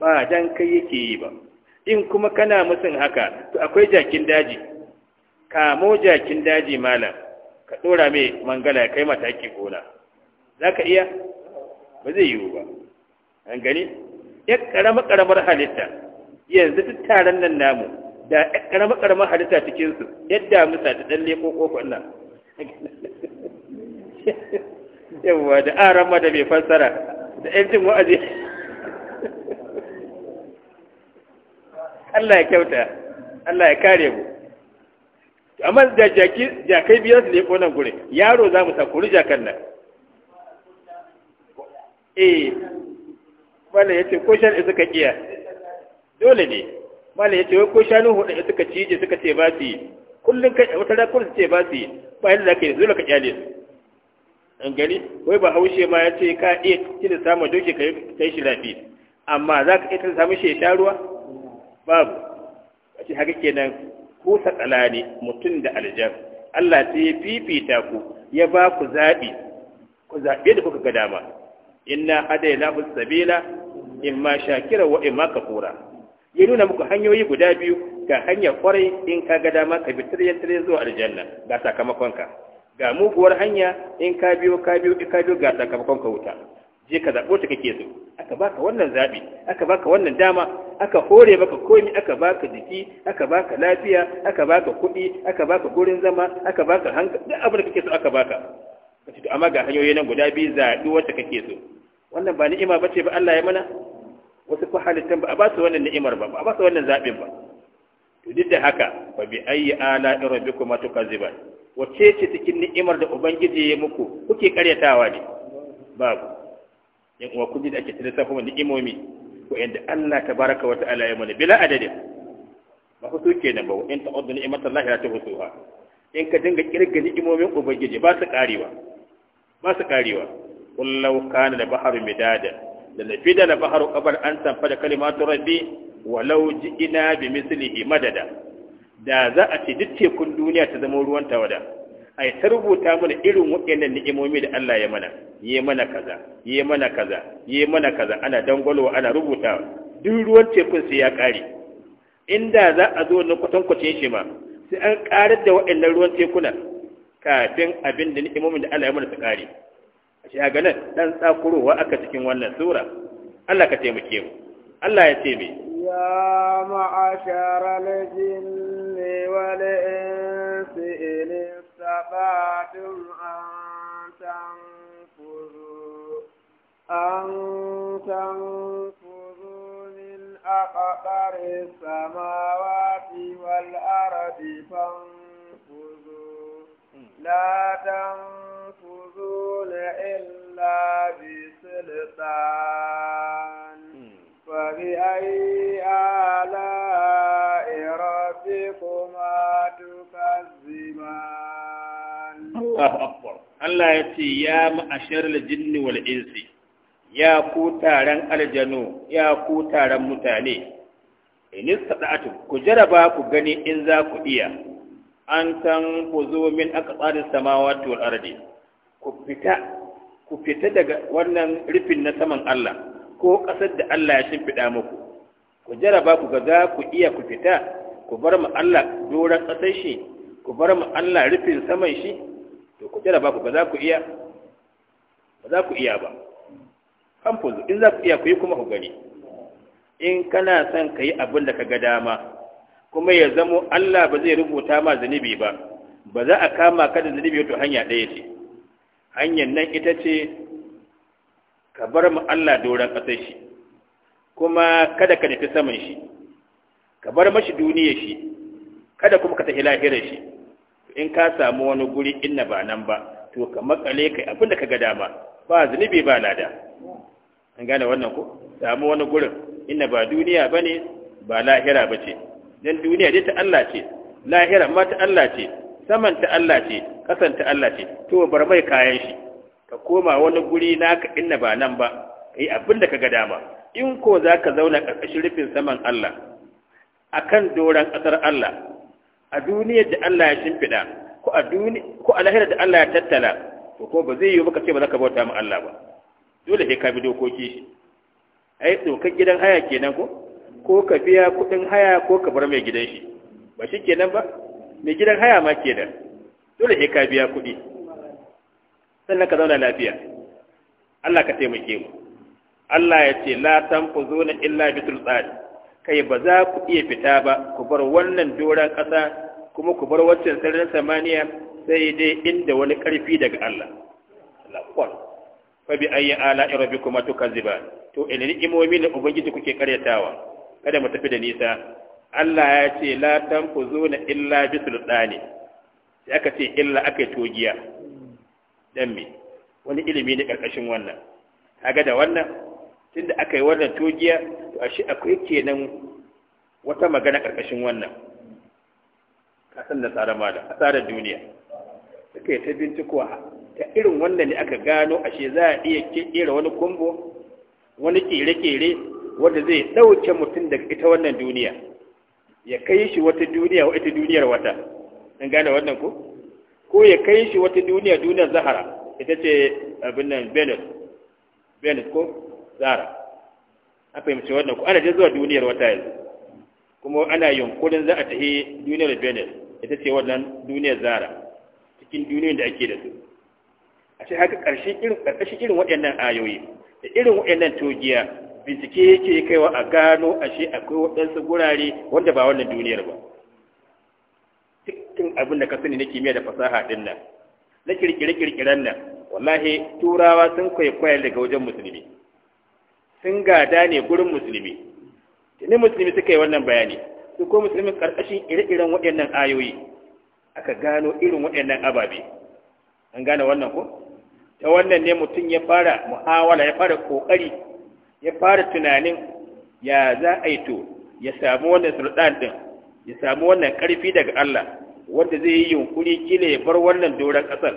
ba dan kai yake yi ba in kuma kana musun haka to akwai jakin daji kamo jakin daji malam ka ɗora mai mangala ya kai mataki gona za ka iya ba zai yiwu ba an gani ya karama karamar halitta yanzu duk taron nan namu da ya karama karamar halitta cikinsu yadda musa ta ɗan leko kofin nan yawwa da aran ma da mai fassara da injin wa'azi Allah ya kyauta Allah ya kare mu amma da jakai biyar su ne ko nan gure yaro za mu sa kuri jakan nan eh malam yace ce ko shan suka kiya dole ne malam yace ce ko shanu hudu suka cije suka ce ba su yi kullum kai wata rakun su ce ba su yi ba yadda zaka yi dole ka kyale su an gani wai ba haushe ma ya ce ka iya da samu doke kai shi lafi amma za ka iya samu shi ya sha ruwa babu a ce haka kenan ko tsala ne mutum da aljan Allah sai ya fifita ku ya ba ku zaɓi ku zaɓe da kuka ga dama inna na bus sabila ma shakira wa ma kafura ya nuna muku hanyoyi guda biyu ga hanyar kwarai in ka ga dama ka bi tiryan zuwa aljanna ga sakamakonka ga muguwar hanya in ka biyo ka biyo ka biyo ga sakamakonka wuta je ka zaɓo ta kake so aka baka wannan zaɓi aka baka wannan dama aka hore baka komi aka baka jiki aka baka lafiya aka baka kuɗi aka baka gurin zama aka baka hankali duk abin da kake so aka baka kace to amma ga hanyoyi nan guda biyu zaɓi wacce kake so wannan ba ni'ima bace ba Allah ya mana wasu fa halittan ba a ba su wannan ni'imar ba ba a ba su wannan zaɓin ba to duk da haka fa bi ayyi ala rabbikuma tukazziban wacce ce cikin ni'imar da ubangiji ya muku kuke karyatawa ne babu in uwa kuji da ake cire safa wani imomi wa'anda Allah ta baraka wa ta'ala ya mana bila adadin ba ku suke nan ba in ta'uddu ni'matan Allah la in ka dinga kirga ni'imomin ubangiji ba su karewa ba su karewa kullau kana da baharu midada da nafi da na baharu kabar an tamfa da kalimatu rabbi walau ji'ina bi mislihi madada da za a ce duk tekun duniya ta zama ruwan tawada ai ta rubuta mana irin waɗannan ni'imomi da Allah ya mana yi mana kaza yi mana kaza yi mana kaza ana dangwalowa ana rubuta. duk ruwan tekun sai ya ƙare inda za a zo na kwatankwacin shi ma sai an ƙarar da waɗannan ruwan tekuna kafin abin da ni'imomin da Allah ya mana su ƙare a shi ga nan dan tsakurowa aka cikin wannan sura Allah ka taimake mu Allah ya taimake me ya ma'ashara al-jinni wal استطعتم أن تنفذوا أن تنفذوا من أقطر السماوات والأرض فانفذوا لا تنفذون إلا بسلطان فبأي Allahu akbar Allah ya ce ya ma'ashar jinni wal insi ya ku taron aljanu ya ku taron mutane in istada'atu ku jaraba ku gani in za ku iya an tan ku zo min aqsari samawati wal ardi ku fita ku fita daga wannan rufin na saman Allah ko ƙasar da Allah ya shimfiɗa muku ku jaraba ku ga za ku iya ku fita ku bar mu Allah doron ƙasar shi ku bar mu Allah rufin saman shi to ku jaraba ku ba za ku iya ba za ku iya ba kamfuzu in za ku iya ku yi kuma ku gani in kana son ka yi abin da ka ga dama kuma ya zamo Allah ba zai rubuta ma zunubi ba ba za a kama ka da zunubi wato hanya ɗaya ce hanyar nan ita ce ka bar mu Allah doron ƙasar shi kuma kada ka nufi saman shi ka bar mashi duniyar shi kada kuma ka tafi lahirar shi in ka samu wani guri inna ba nan ba to ka makale kai abin da ka ga dama ba zunubi ba lada an gane wannan ko samu wani gurin inna ba duniya ba ne ba lahira ba ce don duniya dai ta Allah ce lahira ma ta Allah ce saman ta Allah ce kasan ta Allah ce to bar mai kayan shi ka koma wani guri naka inna ba nan ba kai abin da ka ga dama in ko za ka zauna ƙarƙashin rufin saman Allah akan doron ƙasar Allah a duniyar da Allah ya shimfiɗa ko a duniya ko a lahirar da Allah ya tattala to ko ba zai yi maka ce ba za ka bauta ma Allah ba dole sai ka bi dokoki shi ai dokar gidan haya kenan ko ko ka biya kuɗin haya ko ka bar mai gidan shi ba shi kenan ba mai gidan haya ma kenan dole sai ka biya kuɗi sannan ka zauna lafiya Allah ka taimake mu Allah ya ce la tanfuzuna illa bitul tsari kai ba za ku iya fita ba ku bar wannan doron ƙasa kuma ku bar waccan sararin samaniya sai dai inda wani ƙarfi daga Allah laqad fa bi ayi ala rabbikuma tukazziban to ina ni'imomi da ubangiji kuke karyatawa kada mu tafi da nisa Allah ya ce la tanfuzuna illa bi sai aka ce illa aka togiya dan me wani ilimi ne karkashin wannan kaga da wannan tunda aka yi wannan togiya to ashe akwai kenan wata magana ƙarƙashin wannan kasan da tsara mala a tsara duniya suka yi ta bincikowa ta irin wannan ne aka gano ashe za a iya kera wani kumbo wani kere-kere wanda zai ɗauke mutum daga ita wannan duniya ya kai shi wata duniya wa ita duniyar wata an gane wannan ku ko ya kai shi wata duniya duniyar zahara ita ce abin nan venus venus ko zara a fahimci wannan ku ana je zuwa duniyar wata yanzu kuma ana yunkurin za a tafi duniyar benin ita ce wannan duniyar zara cikin duniyar da ake da su a ce haka ƙarƙashin irin waɗannan ayoyi da irin waɗannan togiya bincike yake kaiwa a gano ashe akwai waɗansu gurare wanda ba wannan duniyar ba cikin abin da ka sani na kimiyya da fasaha ɗin nan na kirkire-kirkiren nan wallahi turawa sun kwaikwaya daga wajen musulmi sun gada ne gurin musulmi tuni musulmi suka yi wannan bayani su ko musulmi karkashin ire-iren waɗannan ayoyi aka gano irin waɗannan ababe an gane wannan ko ta wannan ne mutum ya fara mu'awala ya fara kokari ya fara tunanin ya za a yi to ya samu wannan sulɗan ɗin ya sami wannan ƙarfi daga Allah wanda zai yi yunkuri kila ya bar wannan doron ƙasar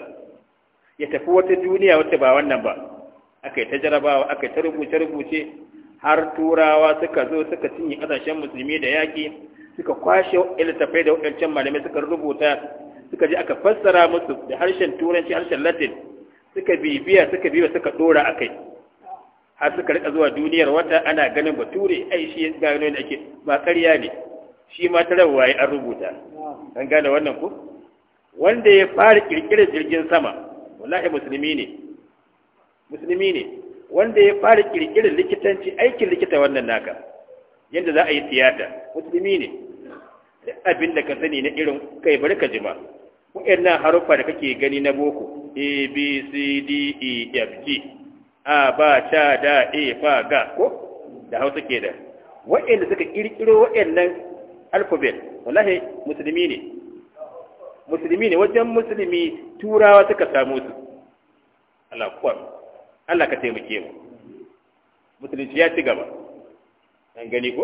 ya tafi wata duniya wata ba wannan ba aka yi ta jarabawa aka yi ta rubuce-rubuce har turawa suka zo suka cinye ƙasashen musulmi da yaƙi suka kwashe littattafai da waɗancan malamai suka rubuta suka ji aka fassara musu da harshen turanci harshen latin suka bibiya suka bibiya suka ɗora a kai har suka rika zuwa duniyar wata ana ganin bature ai shi ya gano yadda ake ba ƙarya ne shi ma ta rabuwa ya an rubuta an gane wannan ku wanda ya fara ƙirƙirar jirgin sama wallahi musulmi ne musulmi ne wanda ya fara kirkirar likitanci aikin likita wannan naka yadda za a yi tiyata musulmi ne duk abin da ka sani na irin kai bari ka jima na haruffa da kake gani na boko a b c d e f g a ba ta da e fa ga ko da hausa ke da waɗanda suka kirkiro waɗannan alfabet wallahi musulmi ne musulmi ne wajen musulmi turawa suka samu su Allah kuwa Allah ka taimake mu musulunci ya ci gaba an gani ko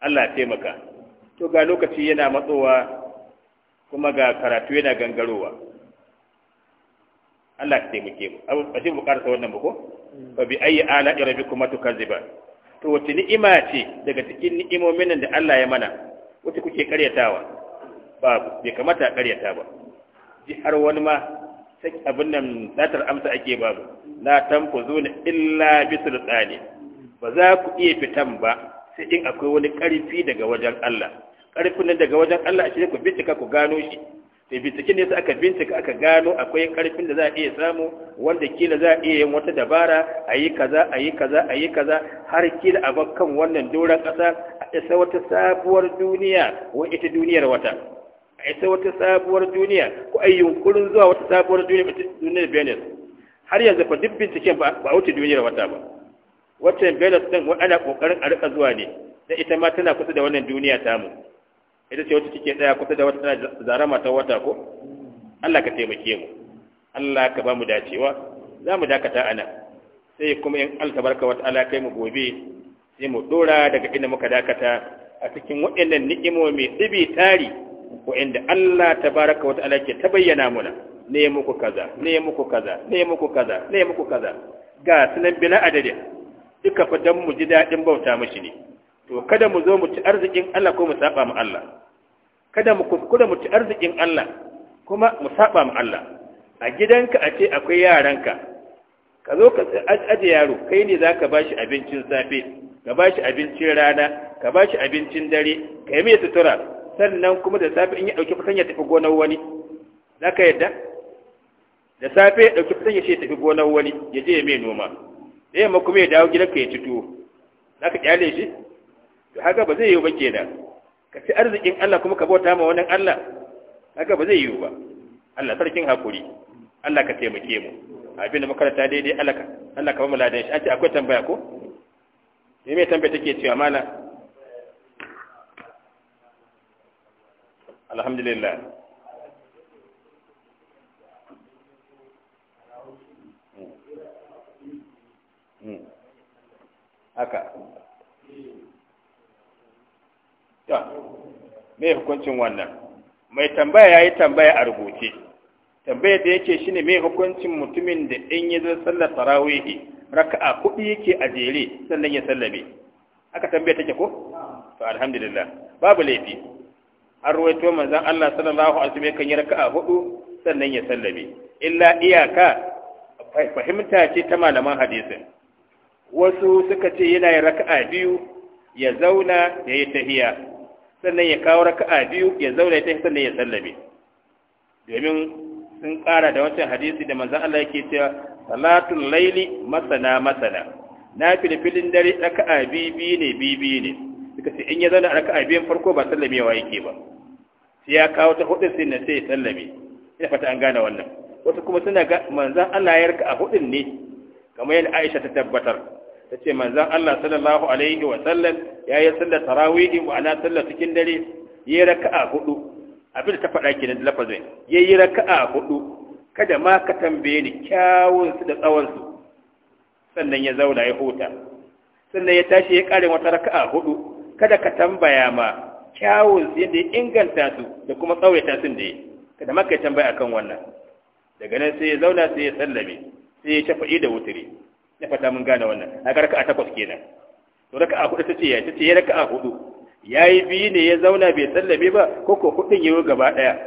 Allah ya taimaka to ga lokaci yana matsowa kuma ga karatu yana gangarowa Allah ya taimake mu abu ashe mu karasa wannan ba ko mm. fa bi ayi ala rabbikum tukaziba to wace ni'ima ce daga cikin ni'imomin nan da Allah ya mana wace kuke karyatawa babu bai kamata a karyata ba ji har wani ma abin nan latar amsa ake babu. Na la tanfuzu na illa bisul tsani ba za ku iya fitan ba sai in akwai wani karfi daga wajen Allah karfin nan daga wajen Allah shi ku bincika ku gano shi sai bincike ne sai aka bincika aka gano akwai karfin da za a iya samu wanda kila za a iya yin wata dabara a yi kaza a yi kaza a yi kaza har kila a kan wannan doron ƙasa a isa wata sabuwar duniya wa ita duniyar wata a wata sabuwar duniya ko a yunkurin zuwa wata sabuwar duniya duniyar benin har yanzu fa duk binciken ba a wuce duniyar wata ba wacce benin din ana kokarin a rika zuwa ne da ita ma tana kusa da wannan duniya mu. ita ce wata take tsaya kusa da wata tana zarama ta wata ko Allah ka taimake mu Allah ka ba mu dacewa za mu dakata ana sai kuma in altabarka wata. ala kai mu gobe sai mu dora daga inda muka dakata a cikin waɗannan ni'imomi tsibi tari wa'anda Allah tabaraka wa ta'ala ke ta bayyana muna ne muku kaza ne muku kaza ne muku kaza ne muku kaza ga sunan bila adadin duka fa dan mu ji dadin bauta mishi ne to kada mu zo mu ci arzikin Allah ko mu saba mu Allah kada mu kuskura mu ci arzikin Allah kuma mu saba mu Allah a gidanka a ce akwai yaranka ka zo ka aje yaro kai ne zaka bashi abincin safe ka bashi abincin rana ka bashi abincin dare ka yi mai sutura sannan kuma da safe in ya ɗauki ya tafi gonar wani za ka yadda da safe ya ɗauki ya ce tafi gonar wani ya je ya mai noma da yamma kuma ya dawo ka ya ci tuwo za ka ƙyale shi to haka ba zai yiwu ba kenan ka ci arzikin Allah kuma ka bauta ma wannan Allah haka ba zai yiwu ba Allah sarkin hakuri Allah ka taimake mu abin da makaranta daidai Allah ka Allah ka ba mu ladan shi an ce akwai tambaya ko me me tambaya take cewa mala alhamdulillah hmm. Hmm. haka ya mai hukuncin wannan mai tambaya ya yi tambaya a rubuce tambaya da yake shine mai hukuncin mutumin da in yi zai sallar tarawihi raka'a kuɗi yake a jere sannan ya sallabe aka tambaya take ko to alhamdulillah babu laifi an ruwaito manzan Allah sallallahu alaihi wasallam kan yi raka'a hudu sannan ya sallame illa iyaka fahimta ce ta malaman hadisin wasu suka ce yana yin raka'a biyu ya zauna ya yi tahiya sannan ya kawo raka'a biyu ya zauna ya tahiya sannan ya sallame domin sun ƙara da wancan hadisi da manzan Allah yake cewa salatul laili masana masana na filfilin dare raka'a bibi ne bibi ne suka ce in ya zauna a a biyan farko ba sallamewa yake ba sai ya kawo ta hudu sai na sai ya sallame ina fata an gane wannan wasu kuma suna ga manzan Allah ya raka a hudun ne kamar yadda Aisha ta tabbatar ta ce manzan Allah sallallahu alaihi wa sallam ya yi sallar tarawih wa ana sallar cikin dare ya raka a hudu abin da ta faɗa kenan da lafazin ya yi raka a hudu kada ma ka tambaye ni kyawun su da tsawon su sannan ya zauna ya huta sannan ya tashi ya ƙare wata raka'a hudu kada ka tambaya ma kyawun yadda inganta su da kuma tsawaita sun da yi. kada maka ya tambaya akan wannan daga nan sai ya zauna sai ya sallame sai ya shafa'i da wuturi ya fata mun gane wannan a raka a takwas kenan to raka a hudu tace ya tace ya raka a hudu yayi biyu ne ya zauna bai sallame ba ko ko hudun yayi gaba daya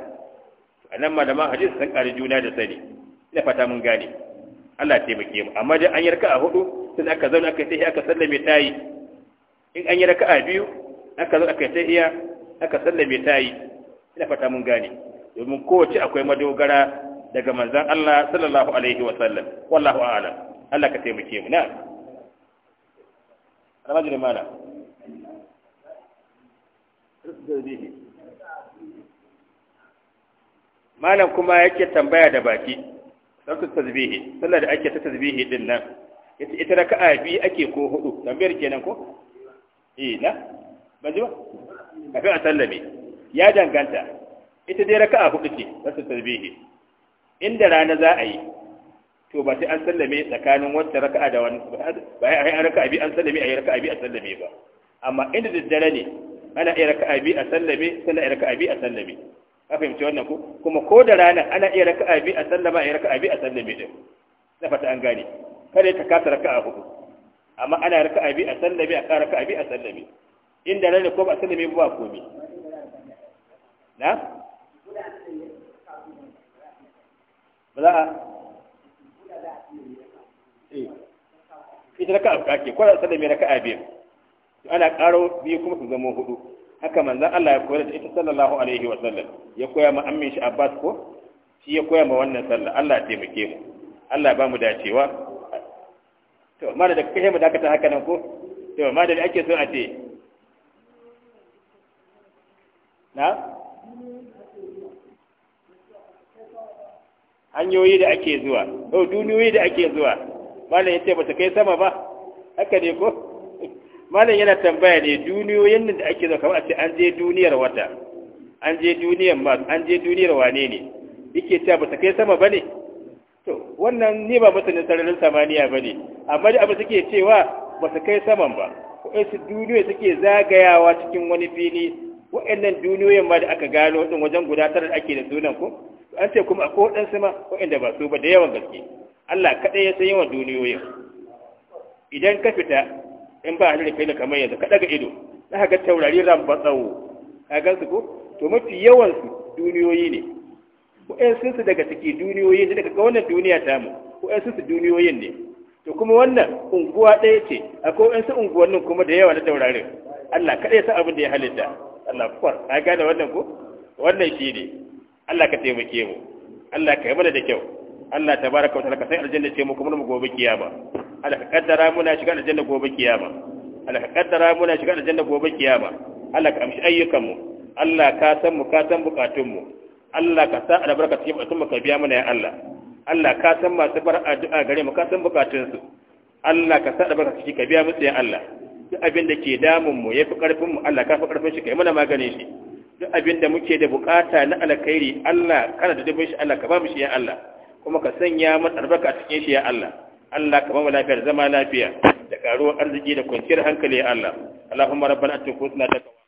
anan malaman hadisi sun kare juna da sani ina fata mun gane Allah ya taimake mu amma dai an yarka a hudu sai aka zauna aka sai aka sallame tayi in an yi raka'a biyu aka zo aka ta iya aka sallame ta yi ina fata mun gane domin kowace akwai madogara daga manzan Allah sallallahu alaihi wa sallam wallahu a'lam Allah ka taimake mu na ramajin mala malam kuma yake tambaya da baki sarki tasbihi sallar da ake ta tasbihi din nan ita raka'a biyu ake ko hudu tambayar kenan ko eh na ban ji fi a sallame ya danganta ita dai raka'a hudu ce za tarbihi inda rana za a yi to ba sai an sallame tsakanin wata raka'a da wani ba ya yi raka'a bi an sallame a yi raka'a bi a sallame ba amma inda daddare ne ana iya raka'a bi a sallame sannan ai raka'a bi a sallame ka fahimci wannan ko kuma ko da rana ana iya raka'a bi a sallama yi raka'a bi a sallame din na fata an gane kada ta kasa raka'a hudu amma ana a bi a sallami a ƙara a bi a sallami inda rana ko ba sallame ba komai na ba za a eh. ita raka ka ke ko da sallame raka'a biyu ana ƙaro biyu kuma su zama hudu haka manzon Allah ya koyar da ita sallallahu alaihi wa sallam ya koya ma ammin shi Abbas ko shi ya koya ma wannan sallah Allah ya taimake mu Allah ba mu dacewa to ma da kai mu dakata haka nan ko to ma da ake so a ce na hanyoyi da ake zuwa to duniyoyi da ake zuwa malam yace ba ta kai sama ba haka ne ko malam yana tambaya ne duniyoyin da ake zuwa kamar a ce an je duniyar wata an je duniyar mars an je duniyar wane ne yake cewa ba ta kai sama ba ne to wannan ni ba masanin sararin samaniya ba ne amma da abu suke cewa ba su kai saman ba waɗansu duniyoyi suke zagayawa cikin wani fili waɗannan duniyoyin ma da aka gano ɗin wajen guda tara da ake da sunan ko an ce kuma akwai waɗansu ma waɗanda ba su ba da yawan gaske Allah kaɗai ya san yawan duniyoyin idan ka fita in ba halin kai da kamar yanzu ka ɗaga ido za ka ga taurari rambatsawo ka gan su ko to mafi yawansu duniyoyi ne wa'yansu su daga ciki duniyoyi ne daga wannan duniya tamu wa'yansu su duniyoyin ne to kuma wannan unguwa ɗaya ce akwai unguwan nan kuma da yawa na taurarin Allah kaɗai ya san abin da ya halitta Allah kwar a gane wannan ko wannan shi ne Allah ka taimake mu Allah ka yi mana da kyau Allah ta baraka wa ka sai aljanna ce mu kuma mu gobe kiyama Allah ka kaddara muna shiga aljanna gobe kiyama Allah ka kaddara muna shiga aljanna gobe kiyama Allah ka amshi ayyukan mu Allah ka san mu ka san bukatun mu Allah ka sa albarka cikin batun ka biya mana ya Allah Allah ka san masu bar addu'a gare mu ka san bukatun su Allah ka sa albarka cikin ka biya musu ya Allah duk abin da ke damun mu yafi karfin mu Allah ka fi karfin shi kai mana maganin shi duk abin da muke da bukata na alkhairi Allah kana da dubin shi Allah ka ba mu shi ya Allah kuma ka sanya mana albarka cikin shi ya Allah Allah ka ba mu lafiyar zama lafiya da karuwar arziki da kwanciyar hankali ya Allah Allahumma rabbana atina da ta